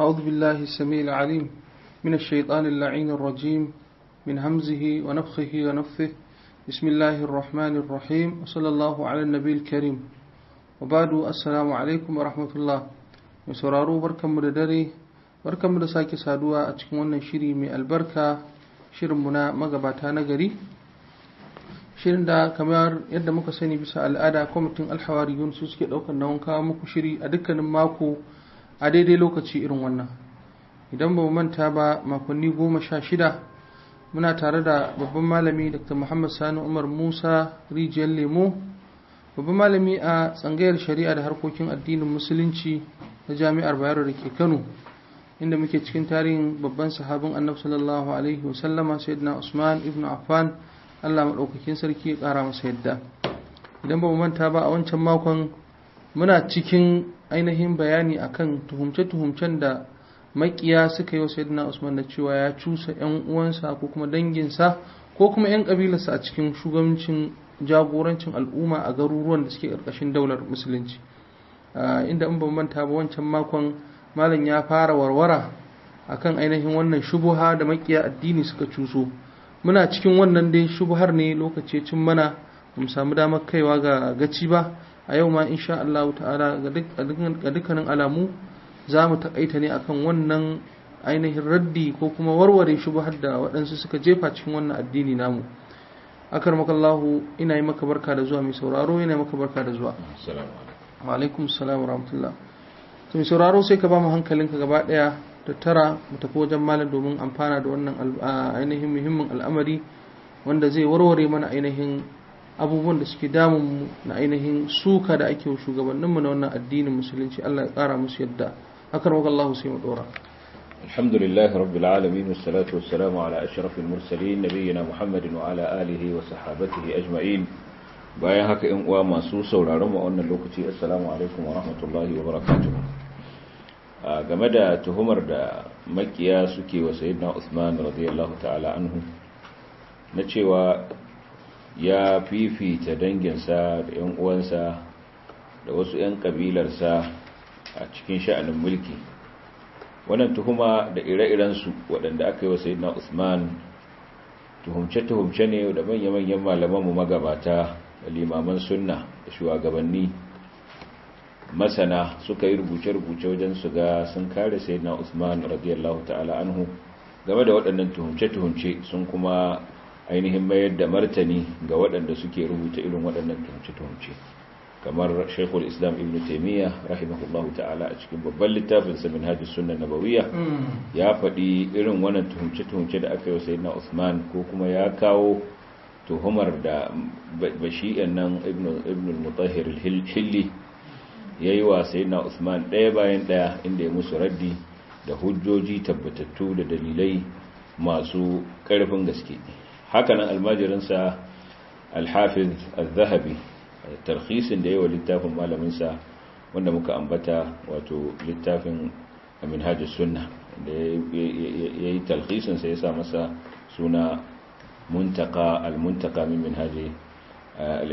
أعوذ بالله السميع العليم من الشيطان اللعين الرجيم من همزه ونفخه ونفثه بسم الله الرحمن الرحيم وصلى الله على النبي الكريم وبعد السلام عليكم ورحمة الله وسرارو بركم مدداري بركم مدساك سادوا أتكمونا شيري من البركة شير منا مغباتانا غري شيرين دا كمار يد مكسيني بسأل أدا كومتين الحواريون سوسكي دوكا نونكا مكو شيري أدكا نماكو a daidai lokaci irin wannan idan ba manta ba makonni goma sha shida muna tare da babban malami dr muhammad sani umar musa rijiyar lemo babban malami a tsangayar shari'a da harkokin addinin musulunci na jami'ar bayero da ke kano inda muke cikin tarihin babban sahabin annabi sallallahu alaihi wasallama sayyidina usman ibn affan allah maɗaukakin sarki ya ƙara masa yadda idan ba manta ba a wancan makon muna cikin ainihin bayani akan tuhumce-tuhumcen da makiya suka yi wa sayyidina usman da cewa ya cusa 'yan uwansa ko kuma danginsa ko kuma 'yan kabilarsa a cikin shugabancin jagorancin al'umma a garuruwan da suke ƙarƙashin daular musulunci inda in bambanta ba wancan makon malam ya fara warwara akan ainihin wannan shubuha da makiya addini suka cuso muna cikin wannan dai shubuhar ne lokaci cin mana mu samu damar kaiwa ga gaci ba a yau ma insha Allah ta'ala ga dukkanin alamu za mu taƙaita ne akan wannan ainihin raddi ko kuma warware shi da waɗansu suka jefa cikin wannan addini namu akar makallahu ina yi maka barka da zuwa mai sauraro ina yi maka barka da zuwa alaikum rahmatullah to mai sauraro sai ka ba mu hankalinka gaba ɗaya da tara mu tafi wajen malam domin amfana da wannan ainihin muhimmin al'amari wanda zai warware mana ainihin abubuwan da suke damun mu na ainihin suka da ake shugabanninmu na wannan addinin musulunci Allah ya kara musu yadda akar waka Allah sai mu dora alhamdulillahi rabbil alamin wassalatu wassalamu ala ashrafil mursalin nabiyina muhammadin wa ala alihi wa sahbatihi ajma'in bayan haka in uwa masu sauraron mu wannan lokaci assalamu alaikum wa rahmatullahi wa barakatuh game da tuhumar da makiya suke wa sayyidina Usman radiyallahu ta'ala anhu na cewa ya fifita danginsa da 'yan uwansa da wasu 'yan kabilarsa a cikin sha'anin mulki wannan tuhuma da ire-irensu waɗanda aka yi wa usman tuhumce-tuhumce ne da manya-manyan malamanmu magabata da limaman sunna da shugabanni masana suka yi rubuce-rubuce wajen su ga sun kare Sayyidina usman radiyallahu ta'ala anhu game da waɗannan tuhumce-tuhumce sun kuma ainihin mayar da martani ga waɗanda suke rubuta irin waɗannan tumce-tumce kamar shekul islam ibn taimiyya rahimahullahu ta'ala a cikin babban littafin samin hajji sunan nabawiya hmm. ya faɗi irin wannan tuhumce-tuhumce da aka yi wa sayidina usman ko kuma ya kawo tuhumar da bashi'an nan ibn mutahir hilli ya yi wa sayidina usman ɗaya bayan ɗaya inda ya musu raddi da hujjoji tabbatattu da dalilai masu ƙarfin gaske hakanan almajirinsa alhafiz al-zahabi tarhisin da yawa littafin malaminsa wanda muka ambata wato littafin minhajus sunna da ya yi talhisinsa ya sa masa suna muntaka al-muntaka eh, al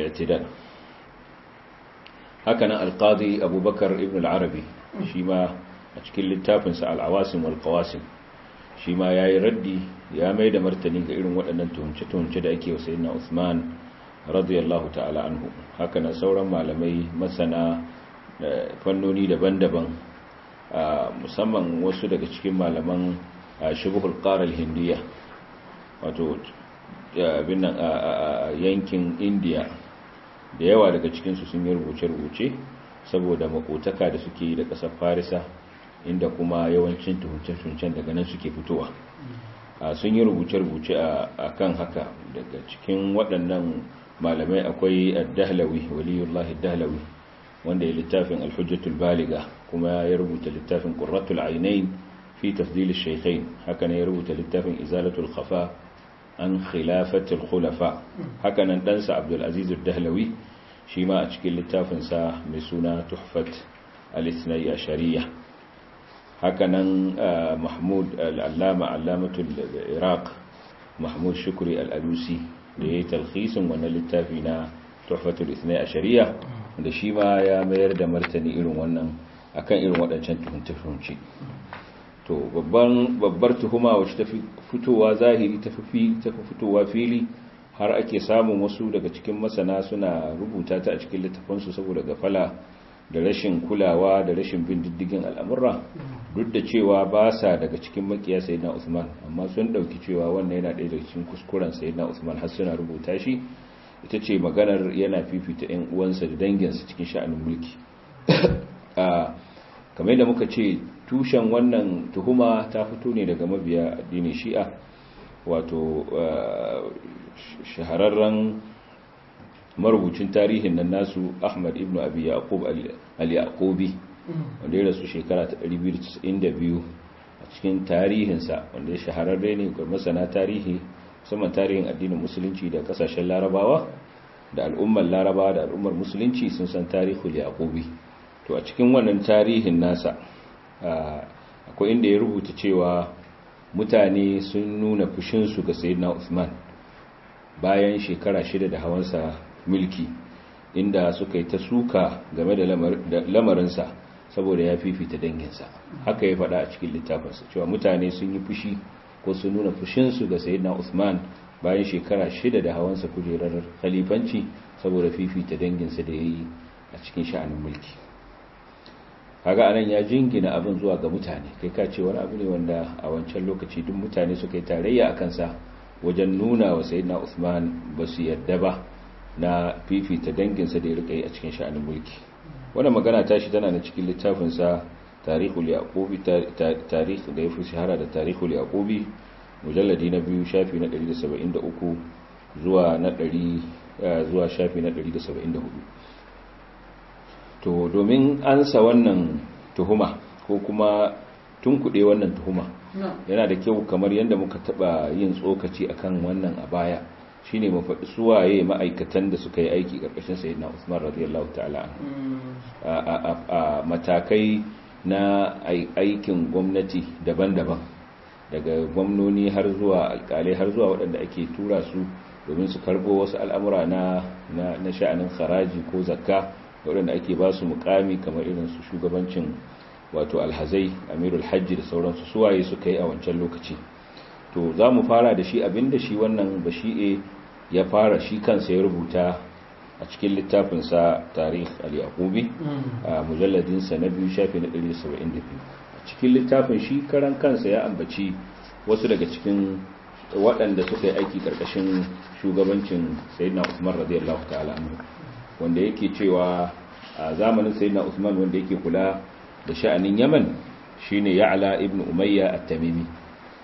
hakanan al abubakar ibn al-arabi shi ma a cikin littafinsa al-awasim wal shi ma ya yi raddi ya mai da martani ga irin waɗannan tuhunce tuhunce da ake wasu na usman radiyallahu ta'ala anhu haka na sauran malamai masana fannoni daban-daban musamman wasu daga cikin malaman shubuhul qaral hindiya wato a yankin indiya da yawa daga cikinsu sun yi rubuce-rubuce saboda makotaka da suke yi da ƙasar farisa inda kuma yawancin tuhuce-tuhucen daga nan suke fitowa sun yi rubuce-rubuce a kan haka daga cikin waɗannan malamai akwai dahlawi waliyullahi dahlawi wanda ya littafin alhujjatul baliga kuma ya rubuta littafin ƙurratul ainain fi tafdil shaikhain haka ne ya rubuta littafin izalatul khafa an khilafatul khulafa haka nan ɗansa abdul dahlawi shi ma a cikin littafinsa mai suna tuhfat al a shari'a hakanan eh, mahmud al'allama al’amatul iraq mahmud shukri al'alusi da ya yi talhisin wannan littafi na tuhfatul isnai a shari'a da shi ma ya mayar da martani irin wannan akan irin waɗancan tuhunce-tuhunce to babbar tuhuma wacce ta fi fitowa zahiri ta fi fitowa fili har ake samun wasu daga cikin masana suna rubuta ta a cikin littafansu saboda gafala da rashin kulawa da rashin bin diddigin al'amurra duk da cewa ba sa daga cikin makiya sayyidina Usman amma sun dauki cewa wannan yana ɗaya daga cikin kuskuren sayyidina Usman har suna rubuta shi ita ce maganar yana fifita ƴan uwansa da danginsa cikin sha'anin mulki a kamar da muka ce tushen wannan tuhuma ta fito ne daga mabiya addinin Shi'a wato eh, shahararren marubucin tarihin nan nasu ahmad ibn abi yaqub al-yaqubi wanda ya rasu shekara ta 292 a cikin tarihinsa wanda ya shahararre ne ga masana tarihi musamman tarihin addinin musulunci da kasashen larabawa da al'ummar larabawa da al'ummar musulunci sun san tarihul yaqubi to a cikin wannan tarihin nasa akwai inda ya rubuta cewa mutane sun nuna fushin su ga sayyidina Uthman bayan shekara shida da hawansa mulki inda suka yi ta suka game da lamarinsa saboda ya fifita danginsa haka ya faɗa a cikin littafinsa cewa mutane sun yi fushi ko sun nuna fushinsu ga sayyidina usman bayan shekara shida da hawansa kujerar khalifanci saboda fifita danginsa da ya yi a cikin sha'anin mulki kaga anan ya jingina abin zuwa ga mutane kai ka ce wani abu ne wanda a wancan lokaci duk mutane suka yi tarayya a kansa wajen nuna wa sayyidina usman ba su yarda ba na fifita danginsa da ya rika yi a cikin sha'anin mulki wannan magana ta shi tana na cikin littafinsa tarihul yaqubi tarih da yafi shahara da tarihul yaqubi mujalladi na biyu shafi na 173 zuwa na 100 eh, zuwa shafi na 174 to domin ansa wannan tuhuma ko kuma tunkuɗe wannan tuhuma yana da kyau kamar yadda muka taɓa yin tsokaci akan wannan a baya shine ne suwaye ma'aikatan da suka yi aiki ƙarƙashin sayyidina Usman radiyallahu ta'ala a matakai na aikin gwamnati daban-daban daga gwamnoni har zuwa alƙalai har zuwa waɗanda ake tura su domin su karɓo wasu al'amura na na sha'anin haraji ko zakka waɗanda ake ba su mukami kamar irin su shugabancin wato alhazai amirul hajji da sauransu suwaye suka yi a wancan lokaci to za mu fara da shi abinda shi wannan bashi'e ya fara shi kansa ya rubuta a cikin littafinsa tarih al-yaqubi a mujalladinsa na biyu shafi na 172 a cikin littafin shi karan kansa ya ambaci wasu daga cikin waɗanda suka yi aiki ƙarƙashin shugabancin sayyidina usman radiyallahu ta'ala anhu wanda yake cewa a zamanin sayyidina usman wanda yake kula da sha'anin yaman shine ya'la ibnu umayya at-tamimi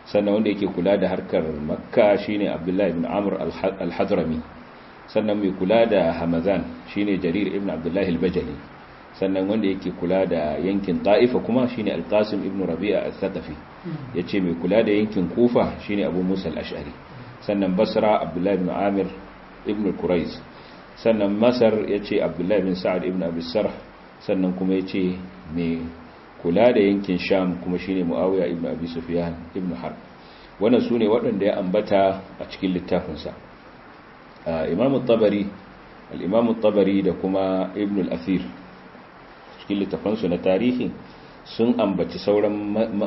sannan wanda yake kula da harkar makka shi ne abdullahi ibn Amur al-hadrami sannan mai kula da hamazan ne jarir ibn abdullahi al-bajali sannan wanda yake kula da yankin ta'ifa kuma shi ne al-qasim ibn rabi'a al-thaqafi hmm. yace mai kula da yankin kufa shine abu musa al-ash'ari sannan basra abdullahi ibn amir ibn quraiz sannan masar ya ce abdullahi ibn sa'ad ibn Abisar sannan kuma ya ce mai kula da yankin sham kuma shine muawiya ibn abi sufyan ibn harb wannan sune waɗanda ya ambata a cikin littafinsa imam at-tabari al-imam at-tabari da kuma ibn al-athir cikin littafansu na tarihi sun ambaci sauran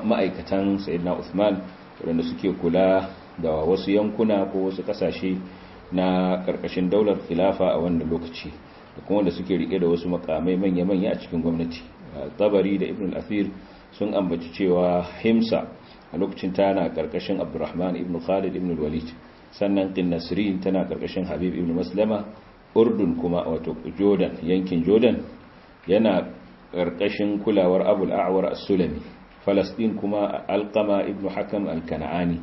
ma'aikatan sayyidina usman waɗanda suke kula da wasu yankuna ko wasu ƙasashe na ƙarƙashin daular khilafa a wannan lokaci da kuma da suke rike da wasu makamai manya-manya a cikin gwamnati tabari da ibn al-athir sun ambaci cewa himsa a lokacin tana karkashin abdurrahman ibn khalid ibn al-walid sannan qinnasrin tana karkashin habib ibn maslama urdun kuma wato jordan yankin jordan yana karkashin kulawar abul a'war as-sulami falastin kuma alqama ibn hakam al-kan'ani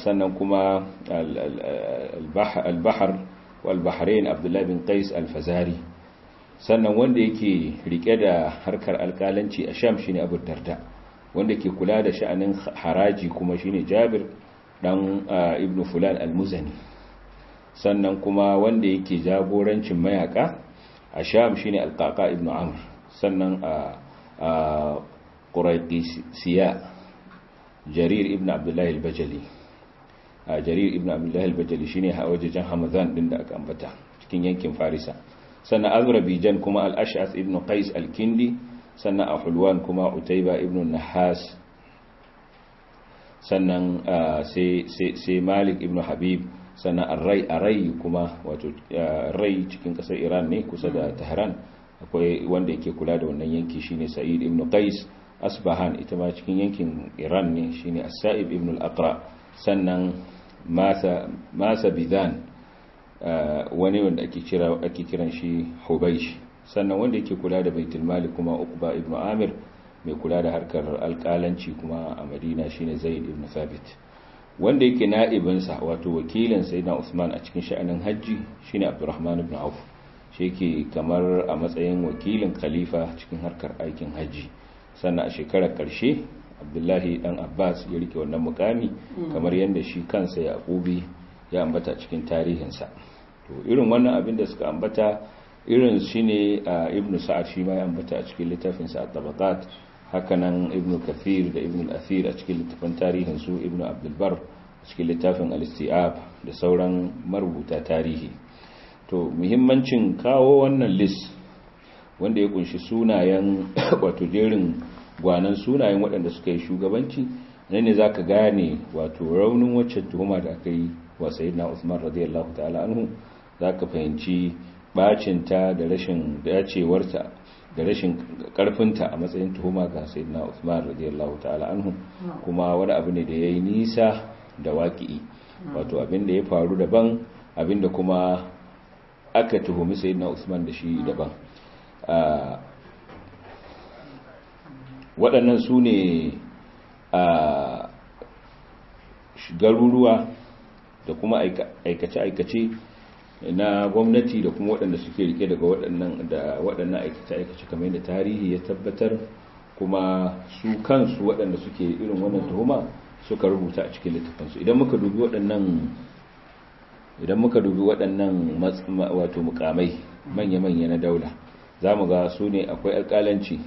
sannan kuma al-bahr wal bahrain abdullah bin qais al-fazari sannan wanda yake rike da harkar alƙalanci a sham shine abu darda wanda ke kula da sha'anin haraji kuma shine jabir dan ibnu fulal al-muzani sannan kuma wanda yake jagorancin mayaka a sham shine alqaqa ibnu amr sannan a quraydisiya jarir ibnu abdullahi al-bajali jarir ibnu abdullahi al-bajali shine wajejen hamadan din da aka ambata cikin yankin farisa sannan azrabijan kuma al-ash'ath ibn qais al-kindi sannan a hulwan kuma utaiba ibn nahas sannan sai malik ibn habib sannan arrai arai kuma wato rai cikin kasar iran ne kusa da hmm. tehran akwai wanda yake kula da wannan yanki shine sa'id ibn qais asbahan ita ma cikin yankin iran ne shine as-sa'ib ibn al-aqra sannan masa masa bidan Eh, wani wanda ake kira ake kiran shi Hubaysh sannan wanda yake kula da Baitul Mal kuma Uqba ibn Amir mai kula da harkar alƙalanci kuma a Madina shine Zaid ibn Thabit wanda yake na'ibinsa wato wakilin Sayyidina Usman a cikin sha'anin Hajji shine Abdurrahman ibn Auf shi yake kamar a matsayin wakilin khalifa cikin harkar aikin Hajji sannan a shekarar karshe Abdullahi dan Abbas ya rike wannan mukami mm. kamar yadda shi kansa ya ya ambata cikin tarihinsa irin wannan abin da suka ambata irin shine ne ibn sa'ad shi ma ya ambata a cikin littafin sa at-tabaqat hakanan ibn kathir da ibn al-athir a cikin littafin tarihin su ibn abdul bar a cikin littafin al-istiab da sauran marubuta tarihi to muhimmancin kawo wannan list wanda ya kunshi sunayen wato jerin gwanan sunayen waɗanda suka yi shugabanci nan ne zaka gane wato raunin wacce tuhuma da aka yi wa sayyidina Uthman radiyallahu ta'ala anhu za ka fahimci bacinta da rashin dacewarta da rashin karfinta a matsayin tuhuma ga sayyidina Uthman radiyallahu ta'ala anhu kuma wani abu ne da yayi nisa da waƙi wato abin da ya faru daban abin da kuma aka tuhumi sayyidina Uthman da shi daban waɗannan su ne garuruwa da kuma aikace-aikace na gwamnati da kuma waɗanda suke rike daga waɗannan aikace-aikace kamar yadda tarihi ya tabbatar kuma su kansu waɗanda suke irin wannan tuhuma suka rubuta a cikin littafansu idan muka dubi waɗannan idan muka dubi waɗannan wato mukamai manya-manya na daula za mu ga su ne akwai alƙalanci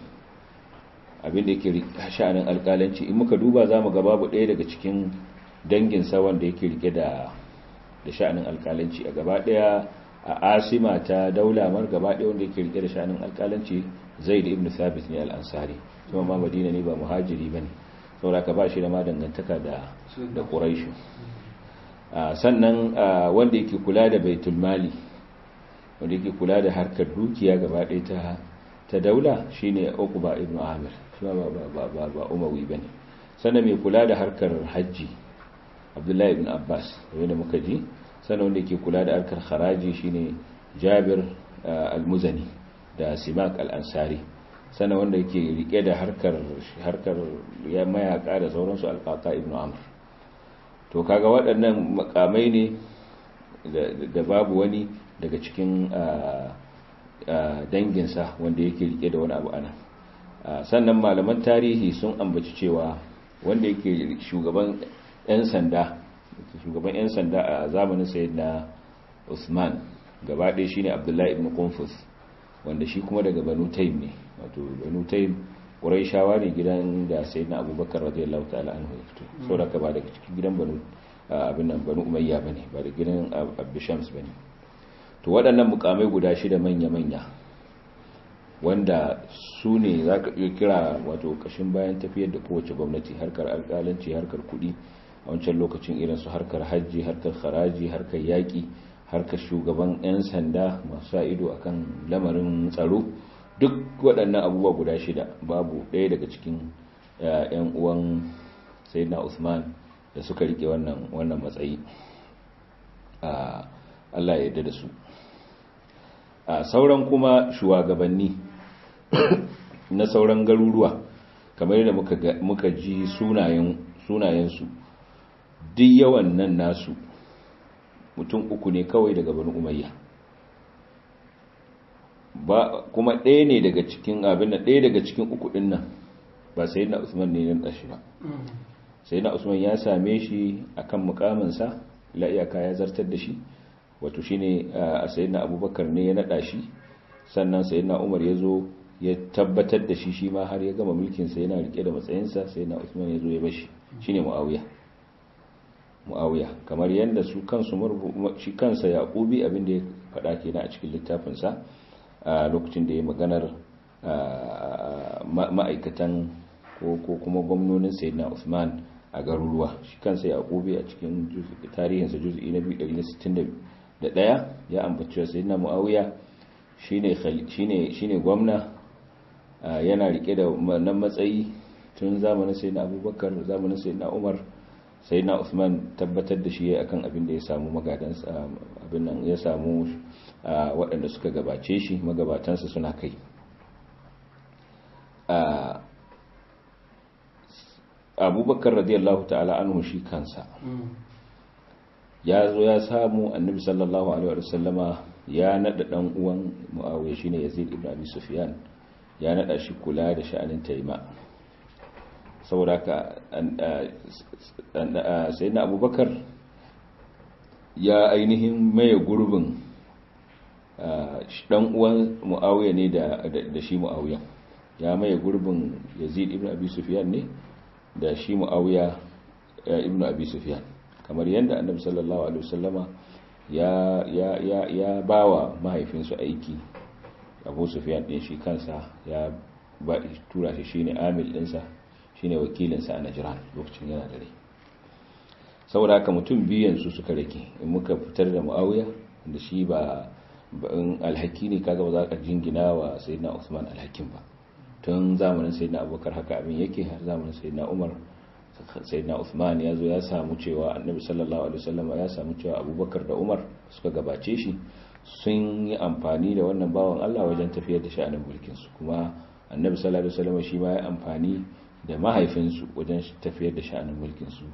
da yake sha'anin alƙalanci in muka duba za mu ga babu ɗaya daga cikin dangin danginsa wanda yake rike da da sha'anin alkalanci a gaba daya a asima ta daula mar gaba daya wanda yake rike da sha'anin alkalanci zaid ibn thabit ne al-ansari kuma ma madina ne ba muhajiri bane saboda ka ba shi da ma dangantaka da da quraish sannan wanda yake kula da baitul mali wanda yake kula da harkar dukiya gaba daya ta ta daula shine uqba ibn amir kuma ba ba ba ba umawi bane sannan mai kula da harkar hajji abdullahi ibn abbas wanda muka ji sannan wanda ke kula da harkar haraji shine jabir eh, al-muzani da simak al-ansari sannan wanda ke rike da harkar harkar ya mayaka da sauransu al ibn amr to kaga waɗannan makamai ne da babu wani daga cikin eh, eh, danginsa wanda yake rike da wani abu ana sannan malaman tarihi sun ambaci cewa wanda yake shugaban 'yan sanda shugaban 'yan sanda a zamanin sayid na usman gabaɗe shi ne abdullahi ibn kumfus wanda shi kuma daga banu taim ne wato banu taim ƙurai shawa ne gidan da sayid na abubakar lauta al'anhu an fito hmm. sau da ba daga cikin gidan banu abin nan banu umayya ba ne ba da gidan abishams ba ne to waɗannan mukamai guda shida manya-manya wanda su ne za ka iya kira wato ƙashin bayan tafiyar da kowace gwamnati harkar alƙalanci harkar kuɗi a wancan lokacin irin su harkar hajji harkar haraji harkar yaƙi harkar shugaban 'yan sanda masu ido akan lamarin tsaro duk waɗannan abubuwa guda shida babu ɗaya daga cikin 'yan eh, uwan sayyidina usman da suka rike wannan wannan matsayi allah ya yarda da su a sauran kuma shugabanni na sauran garuruwa kamar yadda muka ji sunayen su. duk yawan nan nasu mutum uku ne kawai daga bani umayya ba kuma ɗaya ne daga cikin abin da ɗaya daga cikin uku ɗin nan ba sai na usman ne nan ɗashi ba sai na usman ya same shi akan mukaminsa la iyaka ya zartar da shi wato shine a na abubakar ne ya naɗa shi sannan na umar ya zo ya tabbatar da shi shi ma har ya gama mulkinsa yana rike da matsayinsa na usman ya zo ya bashi shine mu'awiyar muawiya kamar yadda su kansu shi kansa yaqubi abin da ya faɗa kenan a cikin littafinsa a lokacin da ya maganar ma'aikatan ko kuma gwamnonin sayyidina Usman a garuruwa shi kansa yaqubi a cikin tarihinsa juz'i na 261 ya ambaci sayyidina muawiya shine shine shine gwamna yana rike da wannan matsayi tun zamanin sayyidina Abubakar zamanin sayyidina Umar sai na usman tabbatar da shi akan abin da ya samu magadansa ah, abin nan ya samu ah, waɗanda suka gabace shi magabatansa suna kai ah, abubakar radiyallahu ta'ala an shi kansa mm. ya zo ya samu annabi sallallahu alaihi wasallama ya naɗa ɗan uwan muawiya shine yazid ibn abi sufyan ya naɗa shi kula da sha'anin taima saboda sai na abubakar ya ainihin maye gurbin dan uwan muawiya ne da shi muawiya ya maye gurbin yazid ibn abi sufyan ne da shi muawiya ibn abi sufyan kamar yadda annabi sallallahu alaihi wasallama ya ya ya ya bawa mahaifinsu aiki abu sufyan din shi kansa ya ba tura shi shine amil dinsa shine wakilinsa a najiran lokacin yana da rai saboda haka mutum biyan su suka rage in muka fitar da muawiya da shi ba in alhaki ne kaga ba za ka jingina wa sayyidina usman alhakin ba tun zamanin sayyidina abubakar haka abin yake har zamanin sayyidina umar sayyidina usman ya zo ya samu cewa annabi sallallahu alaihi wasallam ya samu cewa abubakar da umar suka gabace shi sun yi amfani da wannan bawan Allah wajen tafiyar da sha'anin mulkin su kuma annabi sallallahu alaihi wasallam shi ma ya amfani da mahaifinsu wajen tafiyar da sha'anin mulkinsu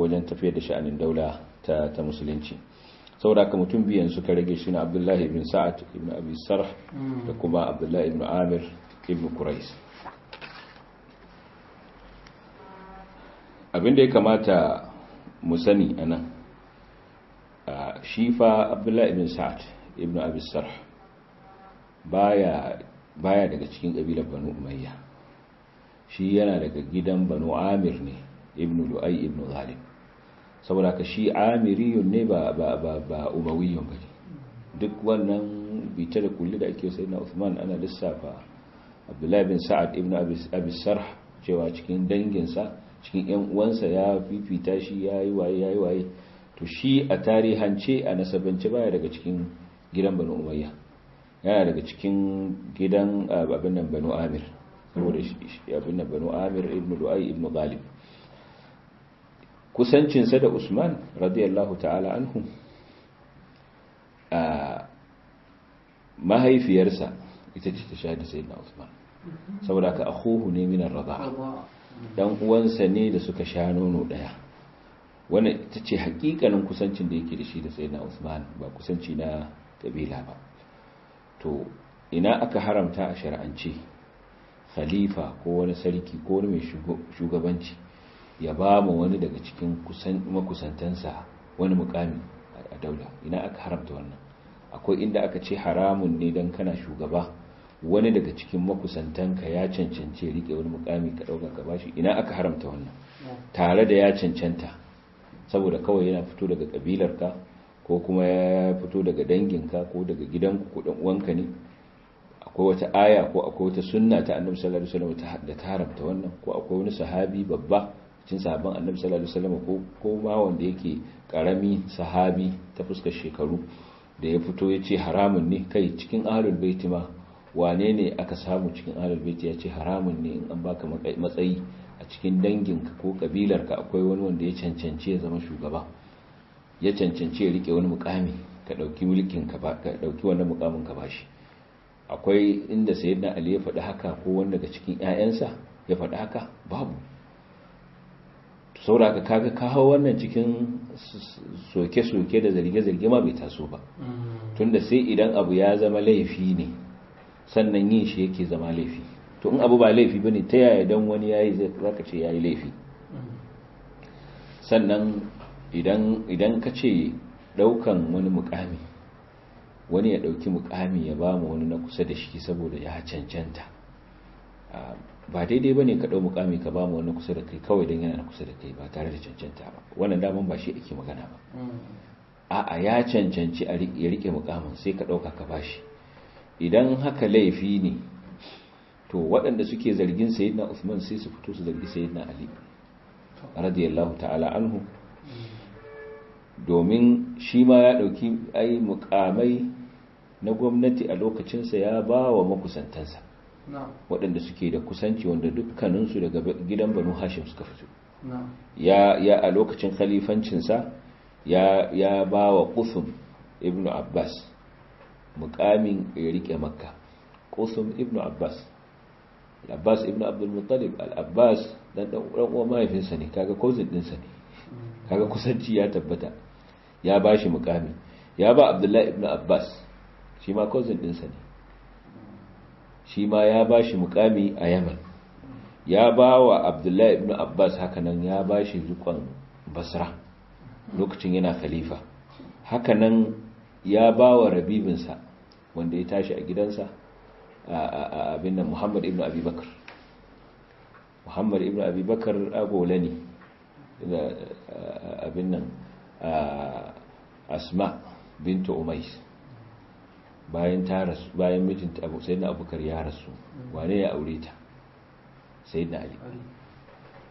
wajen tafiyar da sha'anin daula ta musulunci saboda haka mutum biyan suka rage shi na abdullahi ibn sa'ad ibn abi sarh da mm. kuma abdullahi ibn amir ibn quraish abinda ya kamata mu sani anan shi fa abdullahi ibn sa'ad ibn abi sarh baya baya daga cikin kabilar banu umayya shi yana daga gidan banu amir ne ibn lu'ai ibn Zalim. saboda ka shi amiriyun ne ba ba ba ba umawiyun duk wannan bita da kulli da ake sayyidina usman ana lissafa Abdullahi bin Sa'ad ibn Abi cewa cikin danginsa cikin yan uwansa ya fifita shi yayi waye yayi waye to shi a tarihance a nasabance baya daga cikin gidan Banu Umayya yana daga cikin gidan ah, abin nan Banu Amir saboda abin banu amir ibn lu'ai ibn kusancinsa da usman radiyallahu ta'ala anhu mahaifiyarsa ita ce ta shahada sayyidina usman saboda ka akhuhu ne minar rada'a dan uwansa ne da suka sha nono daya wannan ita ce hakikanin kusancin da yake da shi da sayyidina usman ba kusanci na kabila ba to ina aka haramta a shari'ance khalifa ko wani sarki ko wani mai shugabanci ya ba mu wani daga cikin makusantansa wani mukami a daula ina aka haramta wannan akwai inda aka ce haramun ne don kana shugaba wani daga cikin makusantanka ya cancance rike wani mukami ka dauka ka bashi ina aka haramta wannan tare da ya cancanta saboda kawai yana fito daga kabilarka ko kuma ya fito daga danginka ko daga gidanku ko dan uwanka ne akwai wata aya ko akwai wata sunna ta annabi sallallahu alaihi wasallam da ta haramta wannan ko akwai wani sahabi babba cikin sahabban annabi sallallahu alaihi wasallam ko ko ma wanda yake karami sahabi ta fuskar shekaru da ya fito ya ce haramun ne kai cikin ahlul baiti ma wane ne aka samu cikin ahlul baiti ya ce haramun ne in an baka matsayi a cikin danginka ko kabilar ka akwai wani wanda ya cancanci ya zama shugaba ya cancanci ya rike wani mukami ka dauki mulkin ka ba ka dauki wannan mukamin ka ba shi. akwai inda sayyidina ali ya faɗi haka ko wanda daga cikin ƴaƴansa ya faɗi haka babu saboda ka kaga kawo wannan cikin soke-soke da zarge-zarge ma bai taso ba mm. tunda sai idan abu ya zama laifi ne sannan yin shi yake zama laifi to in abu ba laifi bane ta yaya don wani yayi zaka ce yayi laifi mm. sannan idan idan ka ce daukan wani mukami wani ya ɗauki mukami ya ba mu wani na kusa da shi saboda ya cancanta ba daidai ba ne ka ɗau mukami ka ba mu wani kusa da kai kawai don yana kusa da kai ba tare da cancanta ba wannan daman ba shi ake magana ba hmm. a'a ya cancanci ya rike mukamin sai ka ɗauka ka ba shi idan haka laifi ne to waɗanda suke zargin sayyidina Usman sai su fito su zargi sayyidina Ali radiyallahu ta'ala anhu hmm. domin shi ma ya ɗauki ai mukamai na gwamnati a lokacinsa ya ba wa makusantansa waɗanda suke da kusanci wanda dukkaninsu daga gidan banu hashim suka fito ya a lokacin khalifancinsa ya ba wa kusum ibn abbas mukamin ya rike makka kusum ibn abbas abbas ibn abdulmuttalib al-abbas dan uwa mahaifinsa ne kaga cousin ɗinsa ne mm. kaga kusanci ya tabbata ya ba shi mukami ya ba abdullahi ibn abbas shi ma cousin ɗinsa ne shi ma ya ba shi mukami a yaman ya ba wa abdullahi ibn abbas hakanan ya ba shi rikon basra lokacin yana khalifa hakanan ya ba wa rabibinsa wanda ya tashi a gidansa a abin nan muhammad ibn abubakar muhammad ibn abubakar agola ne abin nan asma bintu umais bayan ta rasu bayan mijinta abu na abukar ya rasu wane ya aure ta sai na ali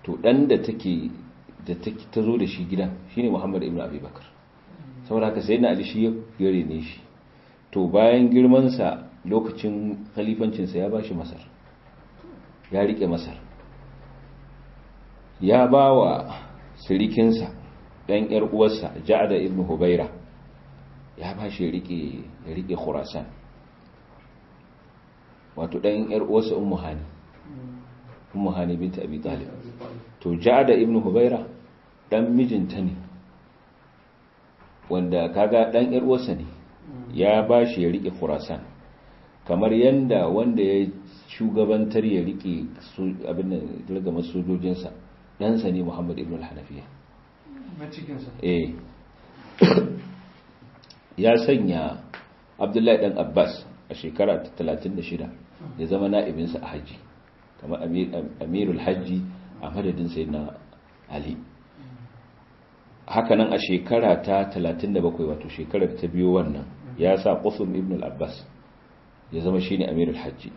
to dan da take da take ta zo da shi gidan shine muhammad ibnu abubakar saboda haka sai na ali shi ya gare ne shi to bayan girman sa lokacin khalifancin sa ya bashi masar ya rike masar ya bawa sirikinsa dan ‘yar uwarsa ja'ada ibnu hubaira ya ba shi rike khurasan wato ɗan ‘yar wasu ummu hani ummu hani binta abi talib to ja da ibn hubaira ɗan mijinta ne wanda kaga ɗan ‘yar wasa ne ya ba shi ya rike khurasan kamar yanda wanda ya shugabantar ya rike abin da daga sojojinsa ɗansa ne muhammad ibn al-hanafiya eh ya sanya abdullahi ɗan abbas a shekara ta 36 ya zama na'ibinsa a hajji kamar amirul hajji a madadin sai na ali hakanan a shekara ta 37 wato shekarar ta biyo wannan ya sa qusum ibn al-abbas ya zama shine amirul hajji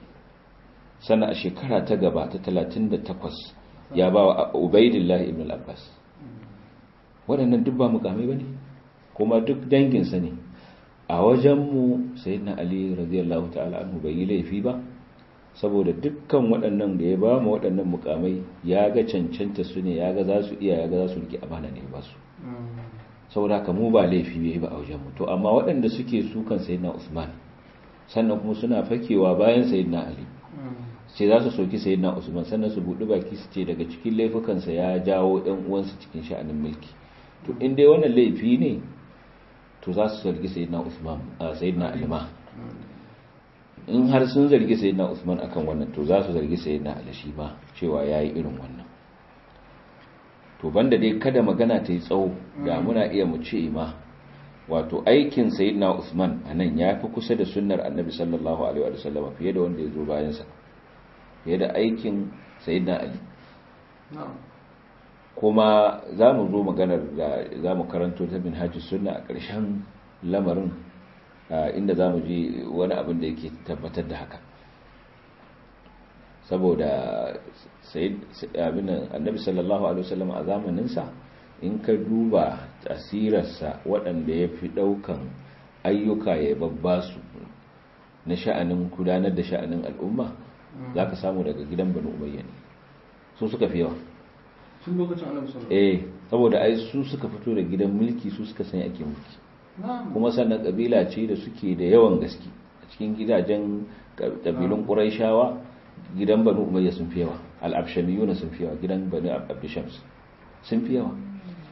sannan a shekara ta gaba ta 38 ya ba wa ubaidillah ibn al-abbas waɗannan duk ba mukamai bane kuma duk danginsa ne a wajenmu sayyidina ali radiyallahu ta'ala an bai yi laifi ba saboda dukkan waɗannan da ya ba mu waɗannan mukamai ya ga cancanta su ne ya ga za su iya ya ga za su rike amana ne ba su saboda ka mu ba laifi ne ba a wajenmu to amma waɗanda suke su sukan sayyidina usman sannan kuma suna fakewa bayan sayyidina ali sai za su soki sayyidina usman sannan su buɗi baki su ce daga cikin laifukansa ya jawo ɗan uwansa cikin sha'anin mulki to in dai wannan laifi ne to za su zargi sayyidina Usman a sayyidina Ali ma in har sun zargi sayyidina Usman akan wannan to za su zargi sayyidina Ali shi ma cewa yayi irin wannan to banda dai kada magana ta yi tsawo da mm. muna iya mu ce ma wato aikin sayyidina Usman anan ya fi kusa da sunnar Annabi sallallahu alaihi wa sallam fiye da wanda ya zo bayan sa fiye da aikin sayyidina Ali na'am kuma za mu zo maganar da za mu karanto ta bin hajji suna a ƙarshen lamarin inda za mu ji wani abin da yake tabbatar da haka saboda annabi sallallahu alaihi wasallam a zamaninsa in ka duba tasirarsa waɗanda ya fi ɗaukan ayyuka ya babba su na sha'anin gudanar da sha'anin al'umma mm. za ka samu daga gidan banu umayya ne su suka fi yawa tun lokacin annabi eh saboda ai su suka fito da gidan mulki su suka san ake mulki kuma sannan kabila ce da suke da yawan gaske a cikin gidajen kabilun quraishawa gidan banu umayya sun fi yawa al-abshamiyuna sun fi yawa gidan banu abdishams sun fi yawa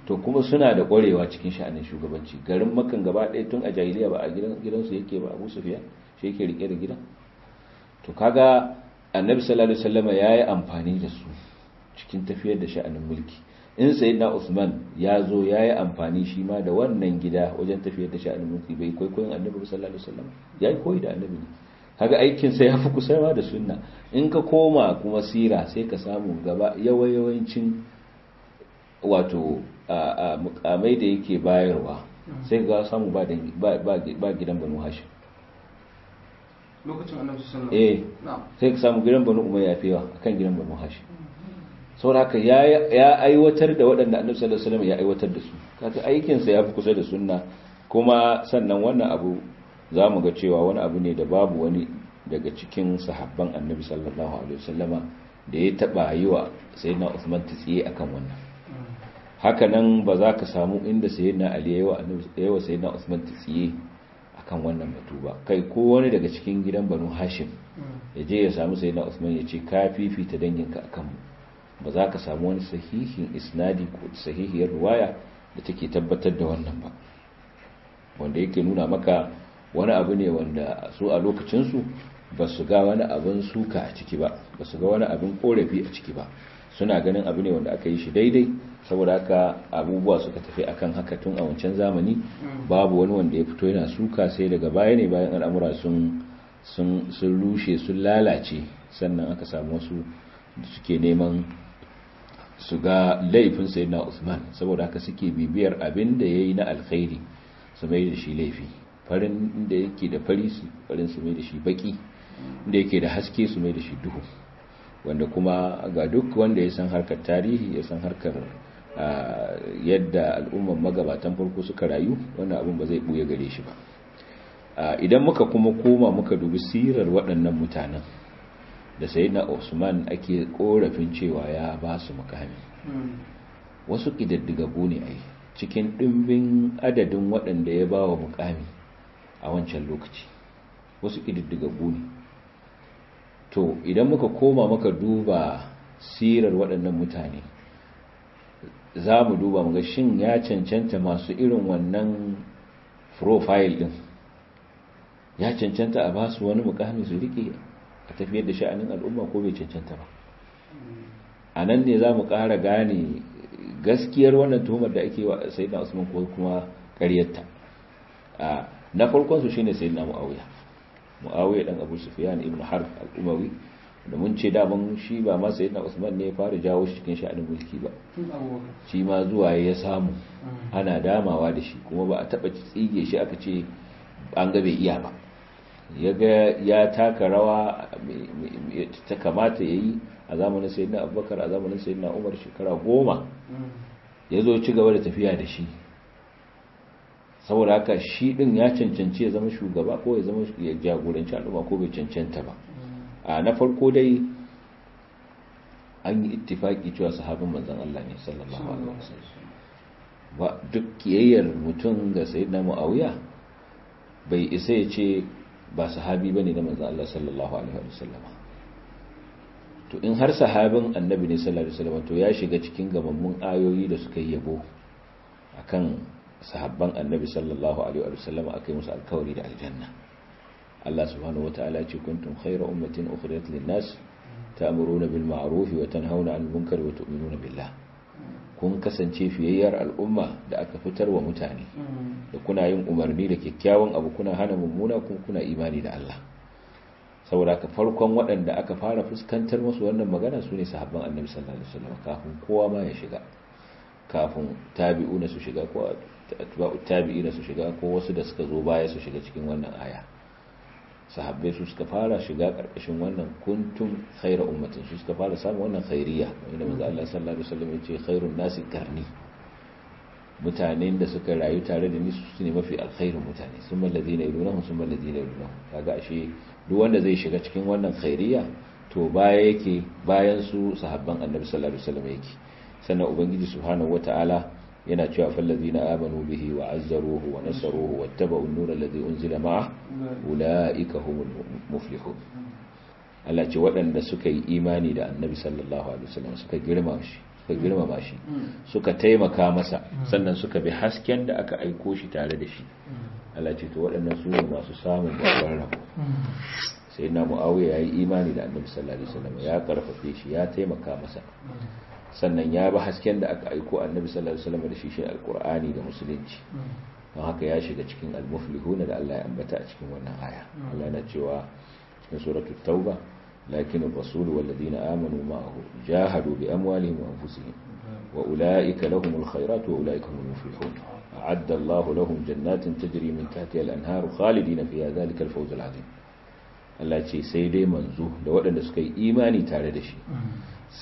to kuma suna da ƙwarewa cikin sha'anin shugabanci garin makan gaba ɗaya tun a jahiliya ba a gidan gidansu yake ba abu sufiya shi yake rike da gidan to kaga annabi sallallahu alaihi wasallam yayi amfani da su cikin tafiyar da sha'anin mulki in sai na Usman ya zo ya yi amfani shi ma da wannan gida wajen tafiyar da sha'anin mulki bai kwaikwayon annabi sallallahu alaihi wasallam ya yi koyi da annabi ne kaga aikin sa ya fi kusawa da sunna in ka koma kuma sira sai ka samu gaba yawayawancin wato mukamai da yake bayarwa sai ka samu ba ba gidan banu hashim lokacin annabi sallallahu alaihi wasallam eh sai ka samu gidan banu umayya fiwa akan gidan banu hashim sauna haka ya aiwatar da waɗanda annabi sallallahu alaihi wasallam ya aiwatar da su kaga aikin sa yafi kusa da sunna kuma sannan wannan abu zamu ga cewa wani abu ne da babu wani daga cikin sahabban annabi sallallahu alaihi wasallama da ya taba yi wa sayyidina Uthman tsiye akan wannan haka nan ba za ka samu inda sayyidina Ali ya yi wa annabi ya wa sayyidina Uthman tsiye akan wannan batu ba kai ko wani daga cikin gidan Banu Hashim ya je ya samu sayyidina Uthman ya ce ka fifita danginka akan mu ba za ka samu wani sahihin isnadi ko sahihiyar ruwaya da take tabbatar da wannan ba wanda yake nuna maka wani abu ne wanda su a lokacinsu ba su ga wani abin suka a ciki ba ba su ga wani abin korafi a ciki ba suna ganin abu ne wanda aka yi shi daidai saboda haka abubuwa suka tafi akan haka tun a wancan zamani babu wani wanda ya fito yana suka sai daga baya ne bayan al'amura sun sun rushe sun lalace sannan aka samu wasu da suke neman su ga laifin sayyidina Usman saboda haka suke bibiyar abin da yayi na alkhairi su mai da shi laifi farin da yake da fari su farin su mai da shi baki da yake da haske su mai da shi duhu wanda kuma ga duk wanda ya san harkar tarihi ya san harkar yadda al'ummar magabatan farko suka rayu wannan abin ba zai buya gare shi ba idan muka kuma koma muka dubi sirar waɗannan mutanen da sai na Usman ake korafin cewa ya ba su mukami hmm. wasu kididdigabu ne ai cikin dimbin adadin waɗanda ya ba wa mukami a wancan lokaci wasu kididdigabu ne to idan muka koma maka duba sirar waɗannan mutane za mu duba muga shin ya cancanta masu irin wannan profile din ya cancanta a ba su wani mukami su rike a tafiyar da sha'anin al'umma ko bai cancanta ba a nan ne za mu ƙara gane gaskiyar wannan tuhumar da ake wa sayyidina usman ko kuma ƙaryarta na farkon su shine sayyidina muawiya muawiya dan abu na ibn harb al'umawi da mun ce daman shi ba ma sayyidina usman ne ya fara jawo shi cikin sha'anin mulki ba shi ma zuwa ya samu mm. ana damawa da shi kuma ba a taba tsige shi aka ce an ga bai iya ba ya ga ya taka rawa ta kamata ya yi a zamanin na abubakar a zamanin na umar shekara goma mm. ya zo ci gaba da tafiya da shi saboda haka shi din ya cancanci ya zama shugaba ko ya zama ya jagoranci al'umma ko bai cancanta ba mm. a na farko dai an yi ittifaki cewa sahabin manzan Allah ne sallallahu alaihi wasallam ba duk kiyayyar mutum ga sayyidina muawiya bai isa ya ce ba sahabi ba ne na manza Allah sallallahu alaihi wasallam to in har sahabin annabi ne sallallahu alaihi wasallam to ya shiga cikin gamammun ayoyi da suka yi yabo akan sahabban annabi sallallahu alaihi wasallam musu alkawari da aljanna Allah subhanahu ta'ala ce kuntum khayra ummatin ukhrijat lin-nas ta'muruna bil ma'ruf wa tanhauna 'anil munkari wa tu'minuna billah kun kasance fiyayyar al'umma da aka fitar wa mutane da kuna yin umarni da kyakkyawan abu kuna hana mummuna kuma kuna imani da Allah saboda ka farkon waɗanda aka fara fuskantar musu wannan magana su ne sahabban annabi sallallahu alaihi wasallam kafin kowa ma ya shiga kafin tabi'una su shiga ko tabi'ina su shiga ko wasu da suka zo baya su shiga cikin wannan aya sahabbai su suka fara shiga karkashin wannan kuntum khaira ummatin su suka fara samun wannan khairiya inda manzo Allah sallallahu alaihi wasallam yace khairun nasi karni mutanen da suka rayu tare da ni su ne mafi alkhairin mutane sun mallazina yulunahum sun mallazina yulunahum kaga ashe duk wanda zai shiga cikin wannan khairiya to baya yake bayan su sahabban annabi sallallahu alaihi wasallam yake sannan ubangiji subhanahu wataala yana cewa na amanu bihi wa azzaruhu wa nasaruhu wattaba'u an-nura alladhi unzila ma'a ulaika humul muflihun Allah ce waɗanda suka yi imani da annabi sallallahu alaihi wasallam suka girma shi suka girmama shi suka taimaka masa sannan suka bi hasken da aka aiko shi tare da shi Allah ce to waɗannan su ne masu samun babban rabo sai na muawiya yayi imani da annabi sallallahu alaihi wasallam ya karfafe shi ya taimaka masa sannan ya bi hasken da aka aiko annabi sallallahu alaihi wasallam da shi shi alqur'ani da musulunci don haka ya shiga cikin almuflihuna da Allah ya ambata a cikin wannan aya Allah na cewa cikin suratul tauba lakin ar-rasul wal ladina amanu ma'ahu jahadu bi amwalihim wa anfusihim wa ulaika lahumul khairatu wa ulaika humul muflihun a'adda Allahu lahum jannatin tajri min tahtiha al-anharu khalidina fiha dhalika al-fawz al-'azim Allah ce sai dai manzo da waɗanda suka yi imani tare da shi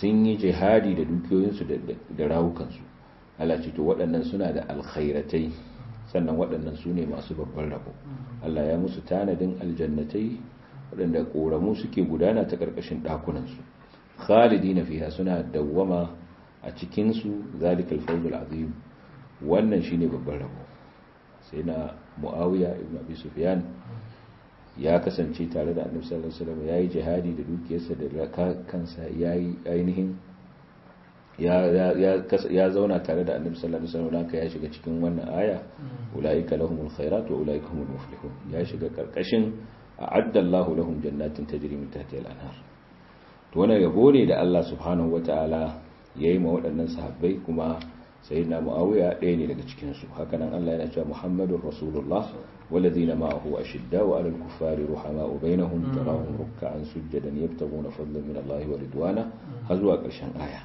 sun yi jihadi da dukiyoyinsu da rawukansu Allah ce to waɗannan suna da alkhairatai sannan waɗannan su ne masu babban rabo Allah ya musu tanadin aljannatai waɗanda ƙoramu suke gudana ta ƙarƙashin ɗakunansu khalidi na fiya suna dawwama a cikinsu zalikal fawzul azim wannan shine babban rabo sai na muawiya ibn abi sufyan ya kasance tare da annabi sallallahu alaihi wasallam yayi jihadi da dukiyarsa da kansa yayi ainihin ya zauna tare da annabi sallallahu alaihi wasallam haka ya shiga cikin wannan aya ulaika lahumul khairat wa ulaika humul muflihun ya shiga karkashin a'adda Allahu lahum jannatin tajri min tahtiha al-anhar to wannan yabo ne da Allah subhanahu wataala yayi ma waɗannan sahabbai kuma sayyidina muawiya ɗaya ne daga cikin su haka nan Allah yana cewa muhammadur rasulullah والذين معه أشداء على الكفار رحماء بينهم تراهم ركعا سجدا يبتغون فضلا من الله ورضوانه هزوا karshen aya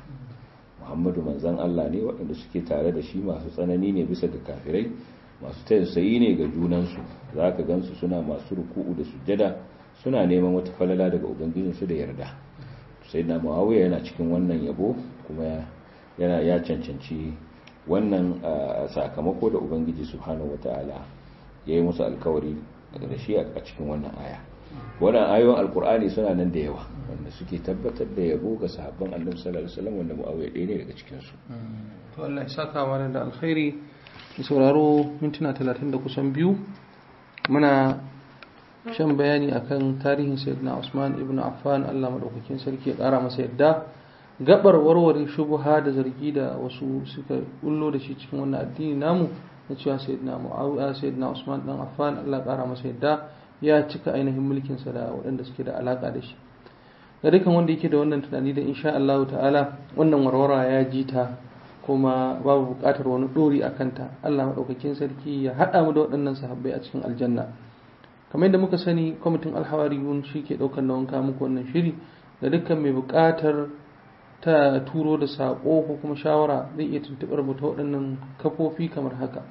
محمد منزان Allah ne waɗanda suke tare da shi masu tsanani ne bisa ga kafirai masu tausayi ne ga junansu za ka gansu suna masu ruku'u da sujjada suna neman wata falala daga ubangijinsu da yarda sai na yana cikin wannan yabo kuma yana ya cancanci wannan sakamako da ubangiji subhanahu wataala ya yi musu alkawari da shi a cikin wannan aya wannan ayoyin alkur'ani suna nan da yawa wanda suke tabbatar da yabo ga sahabban annabi sallallahu alaihi wasallam wanda muawiya ɗaya ne daga cikin su mm. to Allah ya saka mana da alkhairi ki sauraro mintuna 30 da kusan biyu muna shan bayani akan tarihin sayyidina Usman ibn Affan Allah madaukakin sarki ya kara masa yadda gabar warware shubuha da zargi da wasu suka ullo da shi cikin wannan addini namu na cewa sayyidina mu'awiya sayyidina usman dan affan Allah kara masa yadda ya cika ainihin mulkinsa da waɗanda suke da alaka da shi ga dukkan wanda yake da wannan tunani da insha Allah ta'ala wannan warwara ya ji ta kuma babu buƙatar wani dori a kanta Allah madaukakin sarki ya haɗa mu da waɗannan sahabbai a cikin aljanna kamar yadda muka sani kwamitin alhawariyun shi ke ɗaukar na wanka muku wannan shiri da dukkan mai buƙatar ta turo da saƙo ko kuma shawara zai iya tuntuɓar mu ta waɗannan kafofi kamar haka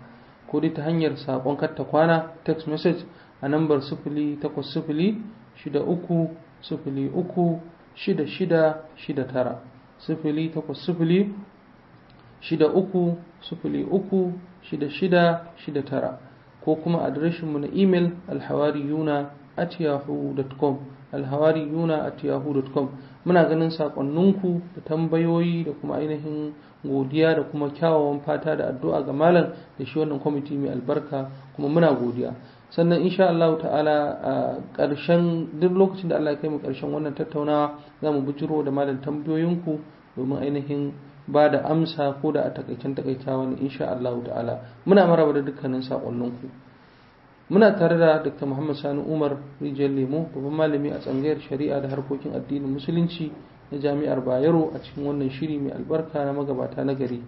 ko dai ta hanyar saƙon katta kwana text message a nambar sifili takwas sifili shida uku sifili uku shida shida shida tara sifili takwas sifili shida uku sifili uku shida shida shida tara ko kuma adireshin mu na imel alhawariyuna at yahoo.com alhawariyuna at yahoo.com muna ganin sakonninku da tambayoyi da kuma ainihin godiya da kuma kyawawan fata da addu'a ga malam da shi wannan kwamiti mai albarka kuma muna godiya sannan insha Allah ta'ala a ƙarshen duk lokacin da Allah ya kai mu ƙarshen wannan tattaunawa za mu bujiro da malam tambayoyinku domin ainihin ba da amsa ko da a takaicen takaitawa ne insha Allah ta'ala muna maraba da dukkanin sakonninku muna tare da dr muhammad sani umar rijiyar lemo babban malami a tsangayar shari'a da harkokin addinin musulunci na jami'ar bayero a cikin wannan shiri mai albarka na magabata na gari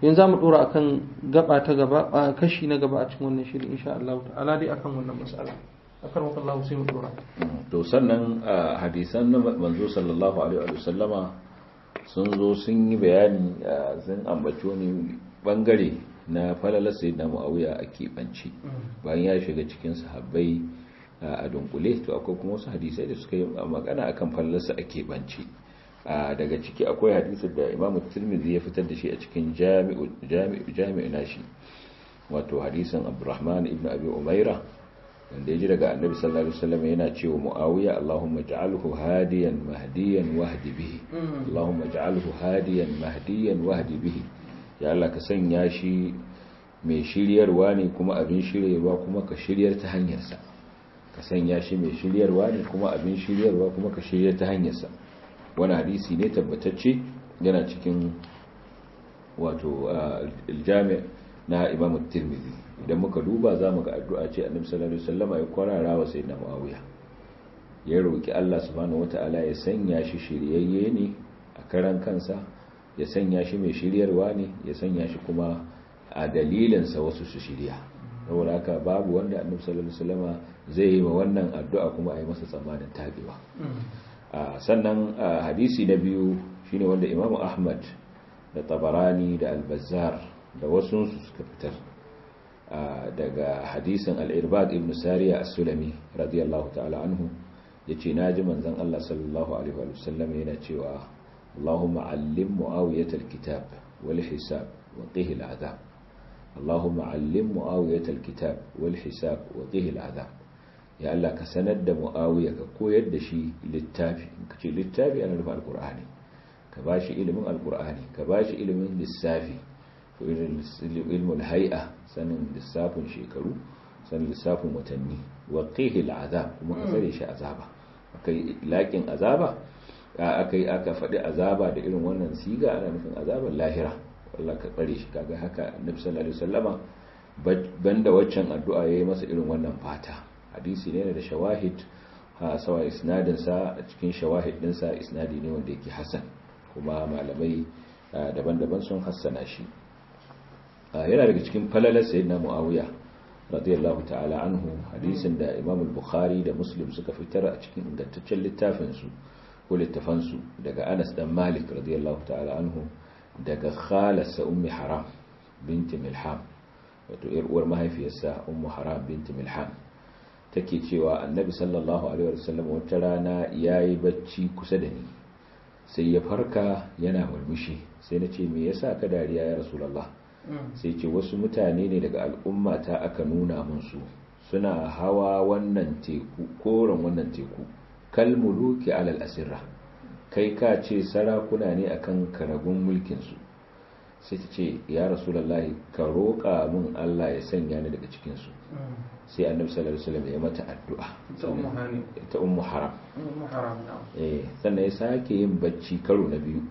to yanzu mu dora akan gaba ta gaba a kashi na gaba a cikin wannan shiri insha Allah ta'ala dai akan wannan mas'ala akan wata Allah sai mu dora to sannan hadisan na manzo sallallahu alaihi wa sallama sun zo sun yi bayani sun ambaci wani bangare na falalasa sayyidina muawiya a kebance. bayan ya shiga cikin sahabbai a dunkule to akwai kuma wasu hadisai da suka yi magana akan falalarsa a kebance. daga ciki akwai hadisin da imamu tirmidhi ya fitar da shi a cikin jami'u nashi wato hadisin abdurrahman ibn abi umaira wanda ya ji daga annabi sallallahu alaihi wasallam yana cewa muawiya allahumma ja'alhu hadiyan mahdiyan wahdi bihi mm. allahumma ja'alhu hadiyan mahdiyan wahdi bihi ya Allah ka sanya shi mai shiryarwa ne kuma abin shiryarwa kuma ka shiryar ta hanyarsa ka sanya shi mai shiryarwa ne kuma abin shiryarwa kuma ka shiryar ta hanyarsa wani hadisi ne tabbatacce yana cikin wato aljami na imam tirmidhi idan muka duba za mu ga addu'a ce annabi sallallahu alaihi wasallam ya kwarara wa sayyidina muawiya ya roki Allah subhanahu wataala ya sanya shi shiryayye ne a karan kansa ya sanya shi mai shiryarwa ne ya sanya shi kuma a dalilinsa wasu su shirya saboda haka babu wanda annabi sallallahu alaihi wasallama zai yi wa wannan addu'a kuma a yi masa tsammanin tabewa sannan hadisi na biyu shine wanda Imam Ahmad da Tabarani da al da wasu suka fitar daga hadisin Al-Irbad ibn Sariya As-Sulami radiyallahu ta'ala anhu yace naji manzon Allah sallallahu alaihi wasallam yana cewa اللهم علم معاوية الكتاب والحساب وقه العذاب اللهم علم معاوية الكتاب والحساب وقه العذاب ya Allah ka sanar da mu'awiya ka koyar da shi littafi ka ce littafi ana nufin alkur'ani ka bashi shi ilimin alkur'ani ka ba shi ilimin lissafi ko ilmul hai'a sanin lissafin shekaru sanin lissafin watanni wa qihil kuma ka tsare shi azaba kai laƙin azaba aka yi aka faɗi azaba da irin wannan siga ana nufin azabar lahira Allah ka tsare shi kaga haka annabi sallallahu alaihi wasallama banda waccan addu'a ya yi masa irin wannan fata hadisi ne da shawahid ha sawa isnadin sa a cikin shawahid din sa isnadi ne wanda yake hasan kuma malamai daban-daban sun hassana shi yana daga cikin falalar sayyidina muawiya radiyallahu ta'ala anhu hadisin da imamul bukhari da muslim suka fitar a cikin ingantaccen littafin su ko littafansu daga anas dan malik radiyallahu ta'ala anhu daga khalasa ummi haram binti milham wato yar'uwar uwar mahaifiyarsa ummu haram binti milham take cewa annabi sallallahu alaihi wasallam wata rana yayi bacci kusa da ni sai ya farka yana murmushi sai na ce me yasa ka dariya ya rasulullah mm. sai ce wasu mutane ne daga al'umma ta aka nuna mun su suna hawa wannan teku koren wannan teku kalmuluki alal asirra kai ka ce sarakuna ne akan karagun mulkinsu sai ta ce ya rasulullahi ka roƙa mun Allah ya sanya ni daga cikinsu sai annabi sallallahu alaihi wasallam ya mata addu'a ta ummu haram eh sannan ya sake yin bacci karo na biyu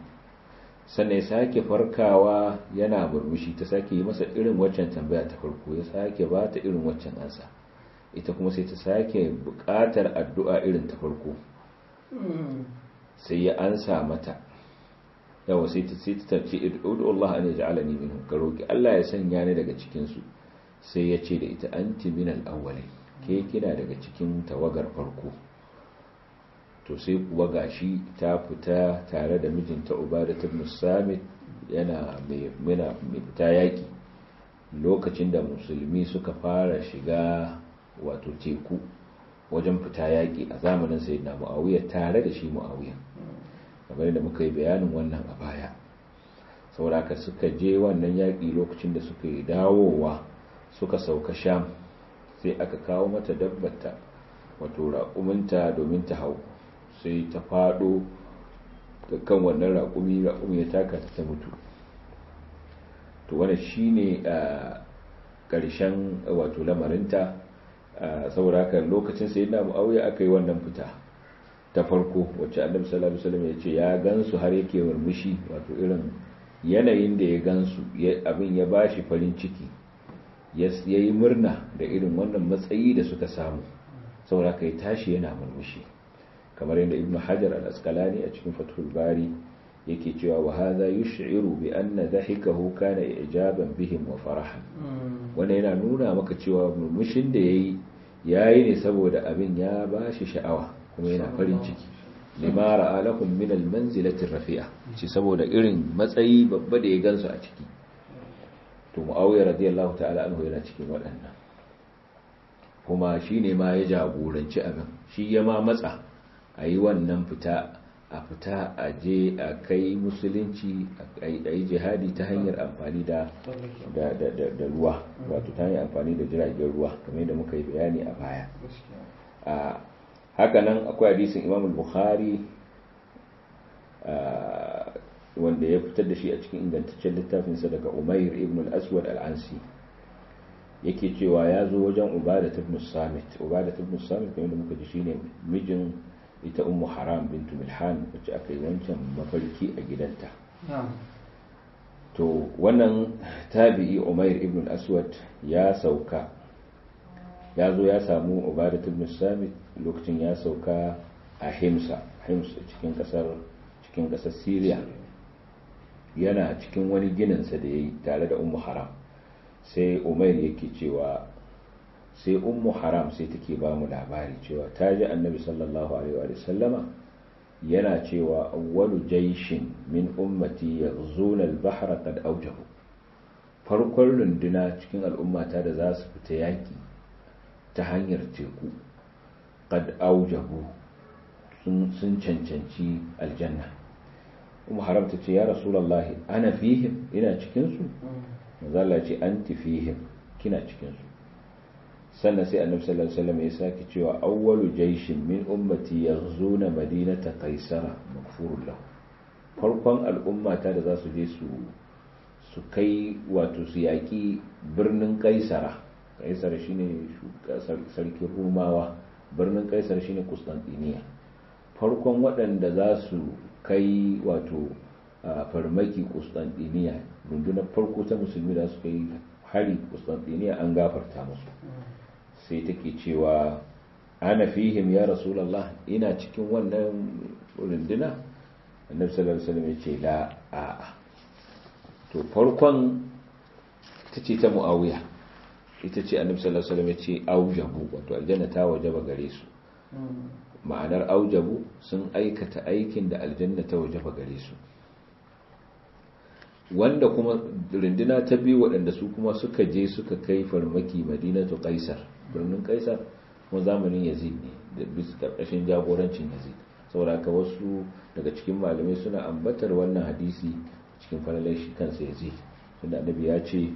sannan ya sake farkawa yana murmushi ta sake yi masa irin waccan tambaya ta farko ya sake ba ta irin waccan ansa ita kuma sai ta sake buƙatar addu'a irin ta farko sai ya ansa mata yawa sai ta sai ta tafi ud'u Allah an yaj'alani ni ka roki Allah ya sanya ni daga cikinsu. sai ya ce da ita anti min al-awwalin ke kina daga cikin tawagar farko to sai kuwa gashi ta fita tare da mijinta Ubadah ibn Samit yana mai mai fita yaki lokacin da musulmi suka fara shiga wato teku wajen fita yaƙi a zamanin sai na muawiya tare da shi muawiya kamar da muka yi bayanin wannan a baya ka suka je wannan yaƙi lokacin da suka yi dawowa suka sauka sham sai aka kawo mata dabbata wato raƙuminta domin ta hau sai ta faɗo kan wannan raƙumi raƙumi ya taka ta mutu to shi shine a ah, ƙarshen wato lamarinta saboda haka lokacin na muawiya aka yi wannan fita ta farko wacce annabi sallallahu alaihi wasallam ya ce ya gansu har yake murmushi wato irin yanayin da ya gansu abin ya bashi farin ciki ya murna da irin wannan matsayi da suka samu saboda haka ya tashi yana murmushi kamar yadda ibnu hajar al-asqalani a cikin fathul bari yake cewa wa hadha yush'iru bi anna dhahikahu kana ijaban bihim wa faraha mm. wannan yana nuna maka cewa murmushin da yayi yayi ne saboda abin ya bashi sha'awa kuma yana farin ciki lima ra'a lakum min al-manzilati rafi'a mm. shi saboda irin matsayi babba da ya gansu a ciki to muawiya radiyallahu ta'ala anhu yana cikin waɗannan kuma shine ma ya jagoranci abin shi ya ma matsa ayi wannan fita a fita a je a kai musulunci a yi jihadi ta hanyar amfani da ruwa wato ta hanyar amfani da jiragen ruwa kamar yadda muka yi bayani a baya hakanan akwai hadisin imam bukhari wanda ya fitar da shi a cikin ingantaccen littafinsa daga umair ibn al-aswad al-ansi yake cewa ya zo wajen ubada ibn samit ubada samit kamar da muka ji shine mijin ita umu haram bintu milhan wacce aka yi wancan mafarki a gidanta to wannan tabi'i umair ibn aswad ya sauka ya zo ya samu ubadat ibn samit lokacin ya sauka a himsa hims cikin kasar cikin syria yana cikin wani ginin sa da ya yi tare da ummu haram sai umair yake cewa sai ummu haram sai take ba mu labari cewa ta ji annabi sallallahu alaihi wa sallama yana cewa awwalu jaishin min ummati yaghzuna al-bahra qad farkon runduna cikin al'ummata da za su fita yaki ta hanyar teku Kad Aujahu sun cancanci aljanna kuma haram ta ce ya rasulullahi ana fihim ina cikinsu? su mm. ce anti fihim kina cikinsu. sannan sai annabi sallallahu alaihi wasallam ya saki cewa awwalu jayshin min ummati yaghzuna madinata qaisara maghfurun lahu farkon al'ummata da za su je su su kai wato su yaki birnin qaisara qaisara shine sarkin rumawa birnin qaisara shine Constantinople farkon waɗanda za su kai wato farmaki Constantinople rundunar farko ta musulmi da su kai hari Constantinople an gafarta musu sai take cewa ana fihim ya rasulullah ina cikin wannan rundina annabi sallallahu alaihi wasallam ce la a to farkon tace ta muawiya ita ce annabi sallallahu alaihi wasallam ce aujabu wato aljanna ta wajaba gare su ma'anar aujabu sun aikata aikin da aljanna ta wajaba gare su wanda kuma rundina ta biyu waɗanda su kuma suka je suka kai farmaki madinatu qaisar birnin kaisar kuma zamanin yazid ne da bisa karkashin jagorancin yazid saboda ka wasu daga cikin malamai suna ambatar wannan hadisi cikin falalai shi kansa yazid tunda annabi ya ce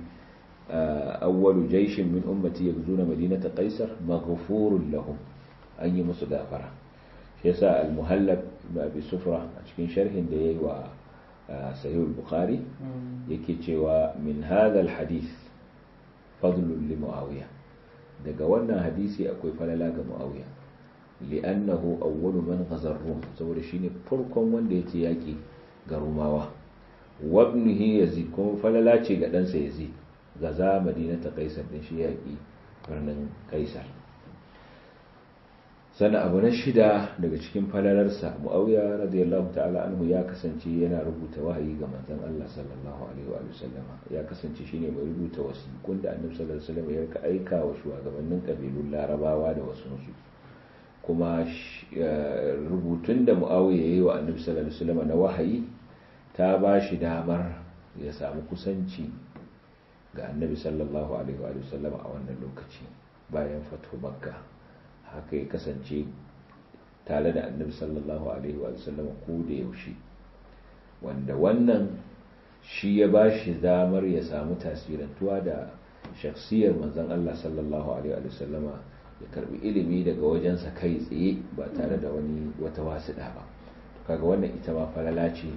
awwalu jaishin min ummati yazuna madinata qaisar maghfurun lahum an yi musu gafara shi yasa al-muhallab ibn sufra a cikin sharhin da yayi wa sahih al-bukhari hmm. yake cewa min hadha al-hadith fadlun li muawiya daga wannan hadisi akwai falala ga muawiya li'annahu awwalu man ghazar saboda shine farkon wanda ce yaki ga rumawa wa ibnihi yazid kuma falala ce ga ɗansa yazid gaza madinata kaisar din shi yaki birnin kaisar sannan abu na shida daga cikin falalarsa mu'awiya radiyallahu ta'ala anhu ya kasance yana rubuta wahayi ga manzon Allah sallallahu alaihi wa sallama ya kasance shine mai rubuta wasiƙun da annabi sallallahu alaihi wa sallam ya rika aika wa shugabannin kabilun larabawa da wasu su kuma eh, rubutun da mu'awiya yayi wa annabi sallallahu alaihi wa sallama na wahayi ta ba shi damar ya samu kusanci ga annabi sallallahu alaihi wa sallama a wannan lokaci bayan fatu makka haka ya kasance tare da annabi sallallahu alaihi wa sallam ko da yaushe wanda wannan shi ya ba shi damar ya samu tasirin tuwa da shaksiyar manzon Allah sallallahu alaihi wa sallama ya karbi ilimi daga wajen sa kai tsaye ba tare da wani wata wasiɗa ba kaga wannan ita ma falala ce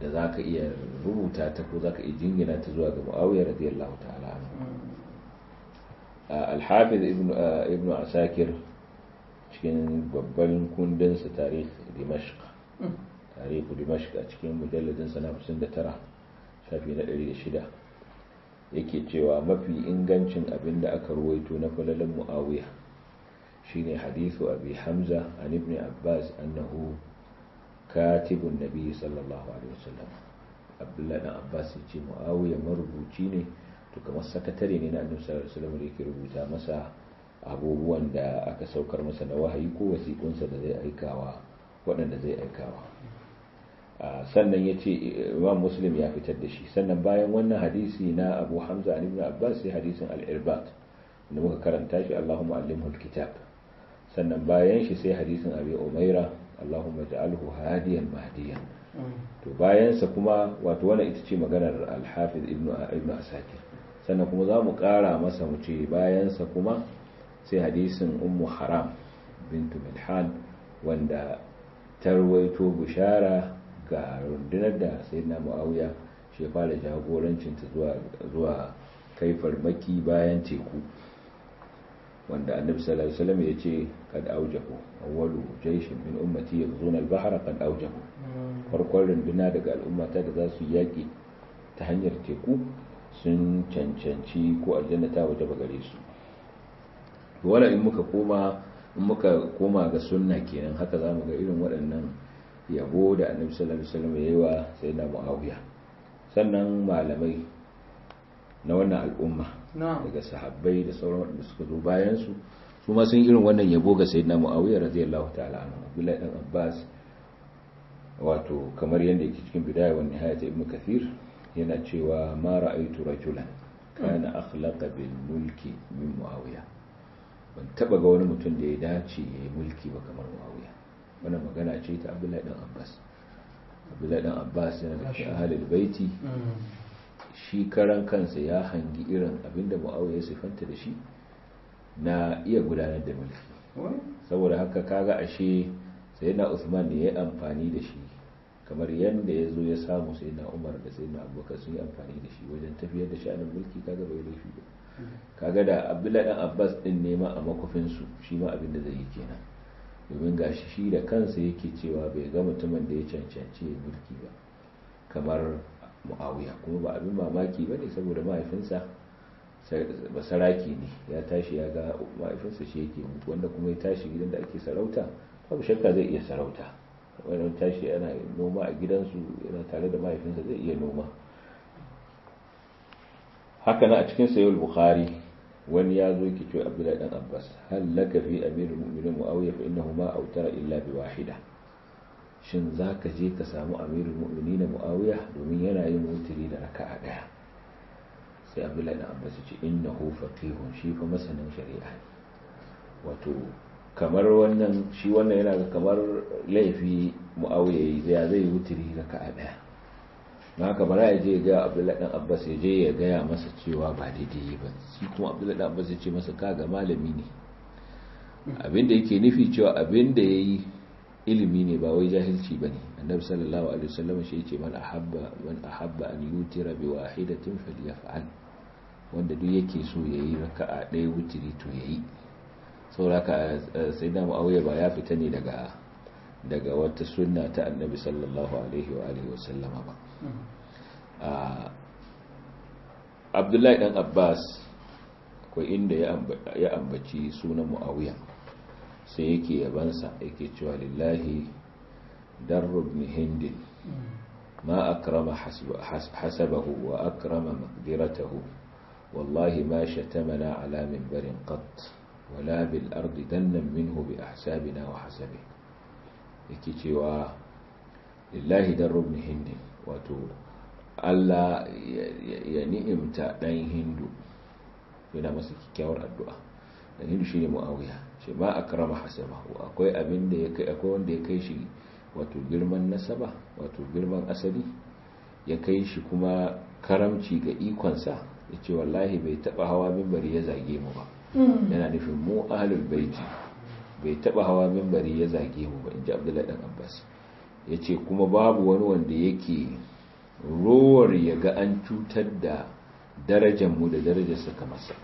da zaka iya rubuta ta ko zaka iya jingina ta zuwa ga Muawiya radiyallahu ta'ala ابن uh, ibn asakir cikin babban kundinsa tarih dimashq hmm. tarih dimashq a cikin mujalladin sana 59 shafi na 106 yake cewa mafi ingancin abin da aka ruwaito na falalan muawiya shine hadithu abi hamza an ibn abbas annahu katibun nabi sallallahu alaihi wasallam abdullahi abbas ya ce muawiya marubuci ne to kamar sakatare ne na annabi sallallahu alaihi da yake rubuta masa abubuwan da aka saukar masa na wahayi ko wasiƙunsa da zai aikawa waɗanda zai aikawa sannan ya ce imam muslim ya fitar da shi sannan bayan wannan hadisi na abu hamza a nuna abbas sai hadisin Al'irbat da muka karanta shi allahumma allimhu kitab sannan bayan shi sai hadisin abi umaira allahumma ja'alhu hadiyan mahdiyan mm. to Bayansa kuma wato wannan ita ce maganar alhafiz hafiz ibn ibn asakir sannan kuma za mu ƙara masa mu ce bayansa kuma sai hadisin ummu haram bintu milhan wanda tarwaito bishara ga rundunar da na ma'auya shi fara jagorancinta zuwa kai farmaki bayan teku wanda annabi sallallahu alaihi wasallam yace kad aujahu awwalu jayshin min ummati yaghzuna al-bahra kad aujahu hmm. farkon runduna daga al'ummata da za su yaki ta hanyar teku sun cancanci ko aljanna ta waje ba gare su wala in muka koma in muka koma ga sunna kenan haka zamu ga irin waɗannan yabo da annabi sallallahu alaihi wasallam yayi wa sayyidina muawiya sannan malamai na wannan al'umma daga sahabbai da sauran waɗanda suka zo bayan su su ma sun irin wannan yabo ga sayyidina muawiya radiyallahu ta'ala anhu abdullahi dan abbas wato kamar yadda yake cikin bidaya wa nihayat ibn kathir yana cewa ma ra'aitu rajulan kana akhlaqa bil mulki min muawiya ban taba ga wani mutum da ya dace ya yi mulki ba kamar muawiya wannan magana ce ta abdullahi dan abbas abdullahi dan abbas yana da ahlul baiti shi karan kansa ya hangi irin abinda muawiya ya sifanta da shi na iya gudanar da mulki saboda haka kaga ashe sayyidina usman ne ya amfani da shi kamar yadda ya zo ya samu sai na umar da sai na abubakar sun yi amfani da shi wajen tafiyar da sha'anin mulki kaga bai laifi ba kaga da abdullahi dan abbas din nema a makofin su shi ma abin da zai yi kenan domin gashi shi da kansa yake cewa bai ga mutumin da ya cancanci mulki ba kamar muawiya kuma ba abin mamaki ba ne saboda mahaifinsa ba saraki ne ya tashi ya ga mahaifinsa shi yake mutu wanda kuma ya tashi gidan da ake sarauta babu shakka zai iya sarauta wani tashi yana noma a gidansu yana tare da mahaifinsa zai iya noma haka na a cikin sayul bukhari wani ya zo ki ce abdullahi dan abbas hallaka fi amirul mu'minin muawiya fa innahu ma autara illa bi wahida shin zaka je ka samu amirul mu'minin muawiya domin yana yin mutiri da a daya sai abdullahi dan abbas ya ce innahu faqihun shi fa masanin shari'a wato kamar wannan shi wannan yana ga kamar laifi mu'awiya yi zai zai wuturi ga a ɗaya. na haka bara ya je ga abdullahi dan abbas ya je ya gaya masa cewa ba daidai ba shi kuma abdullahi dan abbas ya ce masa kaga malami ne abinda yake nufi cewa abinda ya yi ilimi ne ba wai jahilci ba ne. annabi sallallahu alaihi wasallam shi yake man ahabba man ahabba an yutira bi wahidatin falyaf'al wanda duk yake so yayi raka'a ɗaya wutiri to yayi sauraka eh, sai na ma'auya ba ya fita ne daga daga wata sunna ta annabi sallallahu alaihi wa alihi wa sallama ba mm-hmm. ah, abdullahi dan abbas akwai inda ya ambaci sunan ma'auya sai yake yabansa yake cewa lillahi darrub ni hindin mm-hmm. ma akrama hasabahu wa akrama makdiratahu wallahi ma shatamana alamin barin kat wala bil ardi dannan minhu bi ahsabina wa hasabi yake cewa lillahi darrubni hindu, wato Allah ya ni'imta dan hindu yana masa kyakkyawar addu'a dan hindu shine muawiya shi ma akrama hasabahu akwai abin da akwai wanda ya kai shi wato girman nasaba wato girman asali ya kai shi kuma karamci ga ikonsa ya ce wallahi bai taba hawa mimbari ya zage mu ba Mm. yana nufin mu ahalul baiti bai taba hawa mimbari ya zage mu ba inji abdullahi dan abbas yace kuma babu wani wanda yake rowar ya ga an cutar da darajar mu da darajar sa kamar sa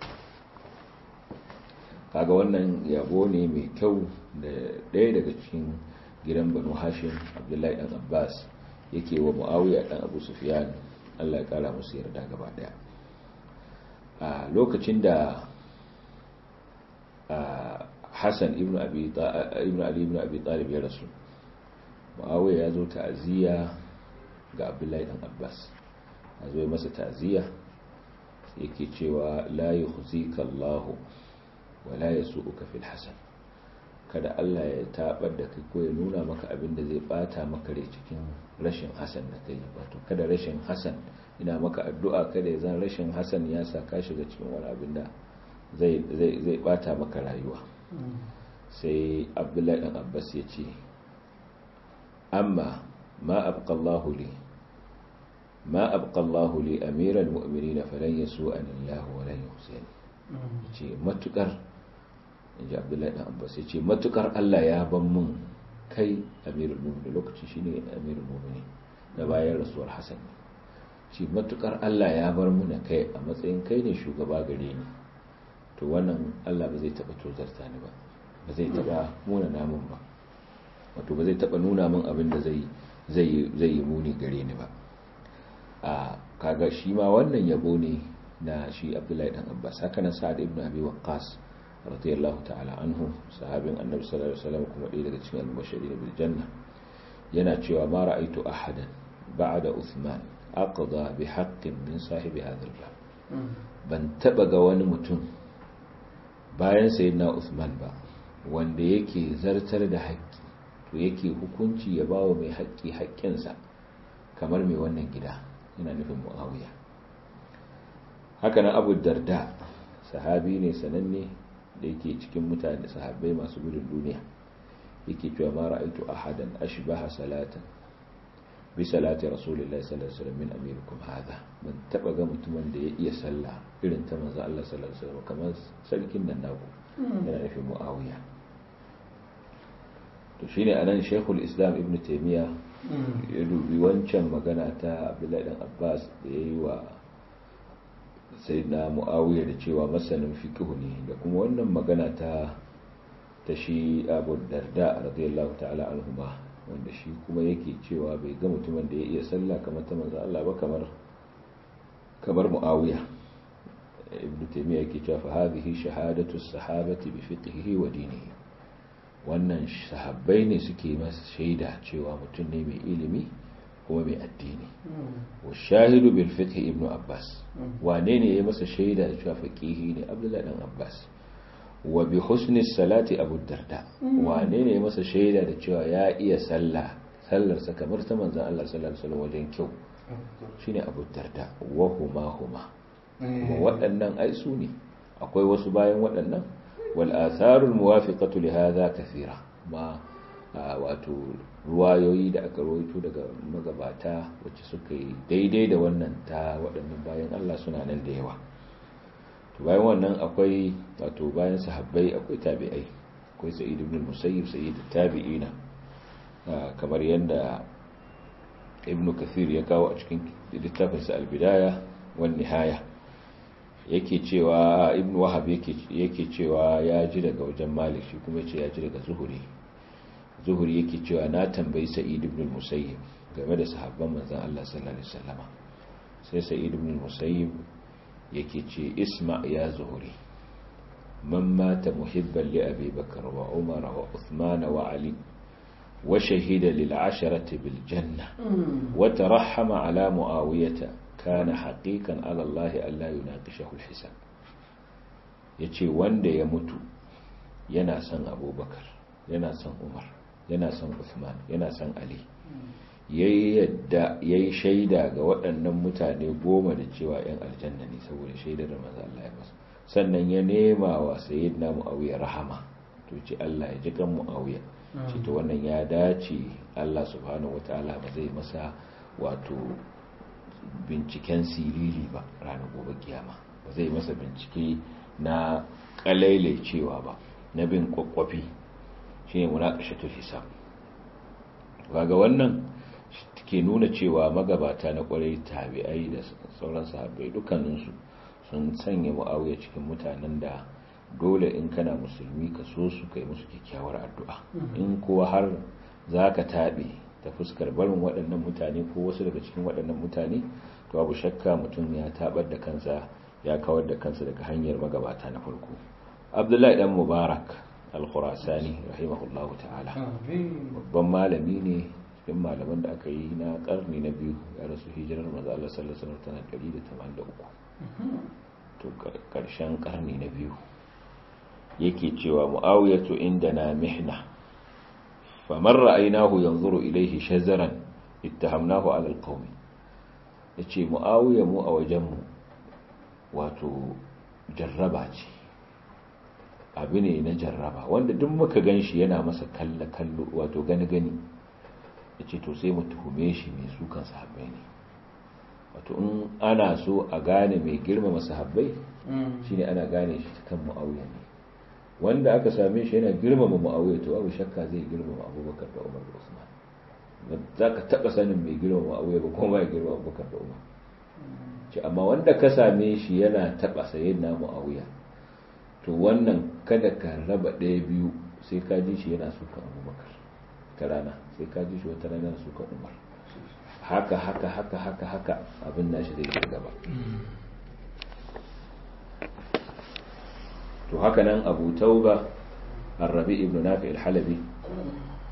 kaga wannan yabo ne mai kyau da ɗaya daga cikin gidan banu hashim abdullahi dan abbas yake wa muawiya dan abu sufyan Allah ya kara musu yarda gaba daya a lokacin da hassan ibn ali ibn abi talib ya rasu muawiya ya zo ta'aziyya ga abdullahi dan abbas ya zo masa ta'aziyya yake cewa la yukhzika allah wa la yasu'uka fil hasan kada Allah ya tabar da kai ko ya nuna maka abin da zai bata maka rai cikin rashin hasan da kai wato kada rashin hasan ina maka addu'a kada ya zan rashin hasan ya saka shiga cikin wani abin da zai bata maka rayuwa sai abdullahi dan abbas ya ce amma ma abqa Allah li ma abqa Allah li amiral mu'minin falan yasu'an Allah wa lan yuhsin ce matukar inji abdullahi dan abbas ya ce matukar Allah ya ban mun kai amirul mu'minin lokacin shine amirul mu'minin da bayan rasuwar hasan ce matukar Allah ya bar muna kai a matsayin kai ne shugaba gare ni to wannan Allah ba zai taba tozarta ni ba ba zai taba muna namun ba wato ba zai taba nuna min abin da zai zai zai yi muni gare ni ba a kaga shi ma wannan yabo ne na shi Abdullahi dan Abbas haka nan Sa'ad ibn Abi Waqqas radiyallahu ta'ala anhu sahabin Annabi sallallahu alaihi wasallam kuma ɗaya daga cikin al bil janna yana cewa ma ra'aitu ahadan ba'da Uthman aqda bi haqqin min sahibi hadha al hmm. ban taba ga wani mutum bayan sayyidina Usman ba wanda yake zartar da haƙƙi to yake hukunci ya bawa mai haƙƙi haƙƙinsa kamar mai wannan gida yana nufin Muawiya haka nan Abu Darda sahabi ne sananne da yake cikin mutane sahabbai masu gudun duniya yake cewa ma ra'aytu ahadan ashbaha salatan bi salati rasulillahi sallallahu alaihi wasallam min amirikum hadha ban taba ga mutumin da ya iya sallah irin ta manzo Allah sallallahu alaihi wasallam kamar sarkin nan naku hmm. yana nufin muawiya to shine anan shaykhul islam ibnu taymiya hmm. ya dubi wancan magana ta abdullahi dan abbas da yayi wa sayyidina muawiya da cewa masanin fiqh ne da kuma wannan magana ta ta shi abu darda radiyallahu ta'ala anhu wanda shi kuma yake cewa bai ga mutumin da ya iya sallah kamar ta manzo Allah ba kamar kamar muawiya ibn Taymiyyah yake cewa hadhihi shahadatu sahabati bi fiqhihi wa dinihi wannan sahabbai ne suke masa shaida cewa mutum ne mai ilimi kuma mai addini hmm. wa shahidu bil fiqh ibn abbas hmm. wane ne ya masa shaida cewa faqihi ne abdullahi dan abbas wa bi husni salati abu darda mm. wane ne masa shaida da cewa ya iya sallah sallarsa kamar ta manzan Allah sallallahu alaihi wajen kyau shine abu darda wa huma huma eh. waɗannan ai su ne akwai wasu bayan waɗannan wal atharul muwafiqatu li hadha kathira ma wato ruwayoyi da aka rawaito daga magabata wacce suka yi daidai da wannan ta waɗannan bayan Allah suna nan da yawa bayan wannan akwai wato bayan sahabbai akwai tabi'ai akwai sa'id ibn musayyib sa'id tabi'ina kamar yadda ibn kathir ya kawo a cikin littafinsa al-bidaya wan nihaya yake cewa ibn wahab yake cewa ya ji daga wajen malik shi kuma yace ya ji daga zuhuri zuhuri yake cewa na tambayi sa'id ibn musayyib game da sahabban manzon Allah sallallahu alaihi wasallama sai sa'id ibn musayyib yake ce isma ya zuhuri man mata muhibban li abi bakar wa umar wa uthman wa ali wa shahida lil asharati bil janna wa tarahama ala muawiyata kana haqiqan ala allah alla yunaqishahu al hisab yace wanda ya mutu yana son abubakar yana son umar yana son uthman yana son ali ya yi shaida ga waɗannan mutane goma da cewa 'yan aljanna ne saboda shaidar da maza Allah ya masa sannan ya nema wa sayid na mu'awiyar rahama to ce Allah ya ji kan mu'awiyar ce ta wannan ya dace Allah subhanahu wata'ala ba zai masa wato binciken siriri ba ranar gobe kiyama ba zai masa bincike na cewa ba na bin kwakwafi shine munaqashatul ba ga wannan ke nuna cewa magabata na kwarai tabi'ai da sauran sahabbai dukkaninsu sun sanya mu'awiya cikin mutanen da dole in kana musulmi ka so su kai musu kyakkyawar addu'a mm-hmm. in kuwa har za ka taɓe ta fuskar barin waɗannan mutane ko wasu daga cikin waɗannan mutane to abu shakka mutum ya taɓar da kansa ya kawar da kansa daga hanyar magabata na farko abdullahi dan mubarak al-khurasani rahimahullahu ta'ala babban malami ne cikin malaman da aka yi na karni na biyu ya rasu hijirar maza Allah tana 183 to karshen karni na biyu yake cewa to inda na mihna famar ra'aynahu yanzuru ilaihi shazaran ittahamnahu alal alqawmi yace muawiya mu a wajenmu wato jarraba ce abu ne na jarraba wanda duk muka ganshi yana masa kalla kallo wato gani gani a ce to sai mu tuhume shi mai sukan sahabbai ne wato in ana so a gane mai girmama sahabbai mm. shine ana gane shi ta kan ma'auya ne wanda aka same shi yana girmama mu'awiya to abu shakka zai girmama abubakar da umar da usman za ka taɓa sanin mai girmama mu'awiya ba kuma ya girmama abubakar da umar ce mm. amma wanda ka same shi yana taɓa sayen na mu'awiya to wannan kada ka raba ɗaya biyu sai ka ji shi yana sukan abubakar ta rana sai ka ji shi wata rana su ka umar haka haka haka haka haka abin shi zai gaba to haka nan abu tauba arrabi ibn nafi al-halabi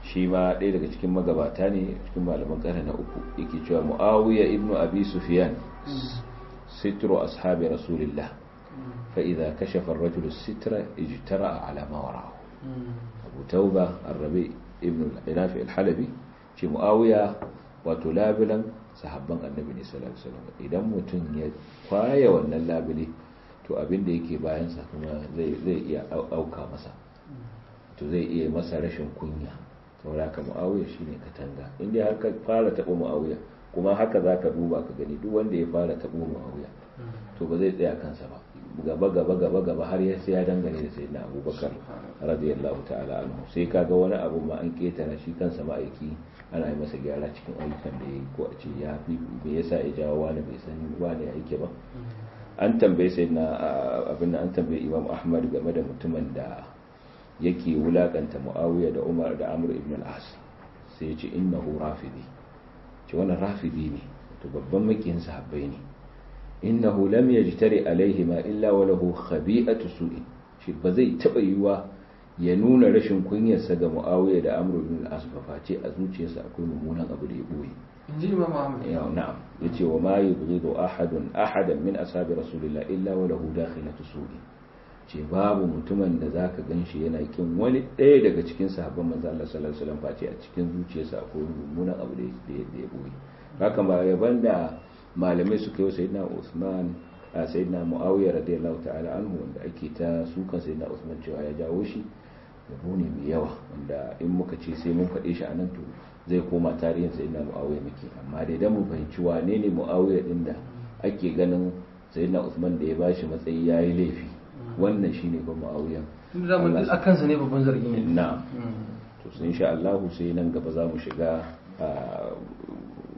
shi ma ɗaya daga cikin magabata ne cikin malaman ƙarni na uku yake cewa muawiya ibn abi sufyan sitru ashabi rasulillah fa idza kashafa ar-rajulu sitra ijtara ala ma wara'ahu abu tauba arrabi ibn al-nafi al-halabi ce muawiya wato labulen sahabban annabi ne sallallahu alaihi wasallam idan mutum ya kwaya wannan labule to abin da yake bayan sa kuma zai zai iya auka masa to zai iya masa rashin kunya saboda haka muawiya shine katanga inda har ka fara tabo muawiya kuma haka zaka duba ka gani duk wanda ya fara tabo muawiya to ba zai tsaya kansa ba gaba gaba gaba gaba har ya sai ya dangane da sayyidina abubakar radiyallahu ta'ala anhu sai kaga wani abu ma an ketara shi kansa ma'aiki ana yi masa gyara cikin ayyukan da ya ko a ce ya fi me yasa ya jawo wani bai sani ba ya aiki ba an tambaye sayyidina abin an tambaye imam ahmad game da mutumin da yake wulakanta muawiya da umar da amr ibn al-as sai ya ce innahu rafidi ce wannan rafidi ne to babban makiyin sahabbai ne innahu lam yajtari alayhi ma illa wa lahu khabi'atu su'i shi ba zai taba yiwa ya nuna rashin sa ga Muawiya da Amr ibn al-As ce a zuciyarsa akwai mummunan abu da ya boye inji ma Ahmad ya na'am yace wa ma yughidu ahadun ahadan min ashabi rasulillah illa wa lahu dakhilatu su'i ce babu mutumin da zaka ganshi yana kin wani ɗaya daga cikin sahabban manzo Allah sallallahu alaihi wasallam face a cikin zuciyarsa akwai mummunan abu da ya boye haka ba yaban da malamai suka yi sayyidina Usman a sayyidina Muawiya radiyallahu ta'ala anhu wanda ake ta sukan sayyidina Usman cewa ya jawo shi da ne mai yawa wanda in muka ce sai mun faɗe shi a nan to zai koma tarihin sayyidina Muawiya muke amma dai dan mu fahimci wane ne Muawiya din da ake ganin sayyidina Usman da ya bashi matsayi yayi laifi wannan shine ba Muawiya akan sa ne babban zargin na hmm. to sai insha Allah sai nan gaba za mu shiga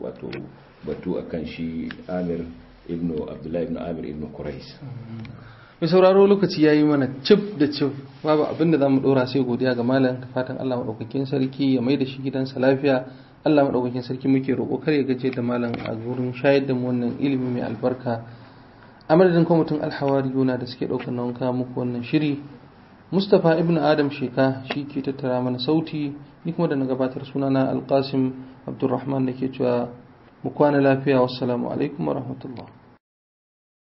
wato batu akan shi amir ibn abdullahi ibn amir ibn kurais mai sauraro lokaci yi mana cif da cif babu abinda za mu dora sai godiya ga malam fatan Allah maɗaukakin sarki ya mai da shi gidansa lafiya Allah maɗaukakin sarki muke roƙo kar ya gaje da malam a gurin shayar da mu wannan ilimi mai albarka a madadin kwamitin yuna da suke ɗaukar nan kawo muku wannan shiri mustapha ibn adam sheka shi ke tattara mana sauti ni kuma da na gabatar sunana alkasim abdulrahman da ke cewa بكوانا لا فيها والسلام عليكم ورحمة الله